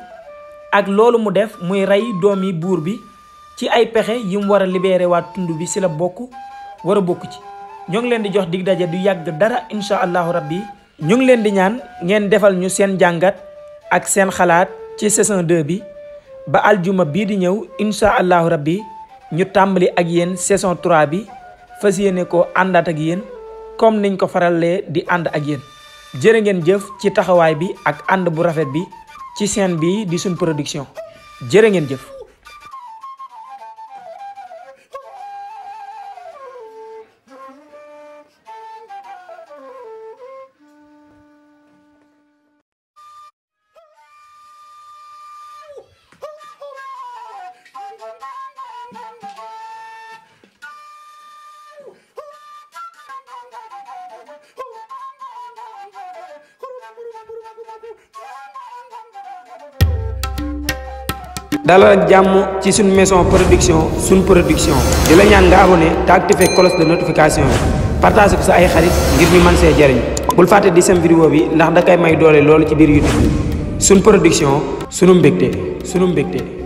ak loolu mu def muy rey doomi buur bi ci ay pexe yi mu war a libéré waa tund bi si la bokk wara a bokk ci ñoo ngi leen di jox dig daje du yàgg dara incha allahu rabbi ñu ngi leen di ñaan ngeen defal ñu seen jàngat ak seen xalaat ci saison 2 bi ba aljuma bii di ñëw incha allahu rabbi ñu tàmbali ak yéen saison 3 bi fas yéene ko àndaat ak yéen comme niñ ko faralee di ànd ak yéen jërë ngeen jëf ci taxawaay bi ak ànd bu rafet bi ci seen bi di suñ production jërë ngeen jëf dalal ak jàmm ci suñ maison production suñ production di la ñaan nga abonné te activé cloche de notification bi partage ko sa ay xarit ngir ñu mën see jariñ bul fàtte di sem vidéo bi ndax da kay may doole loolu ci biir YouTube suñ production sunu mbégte sunu mbégte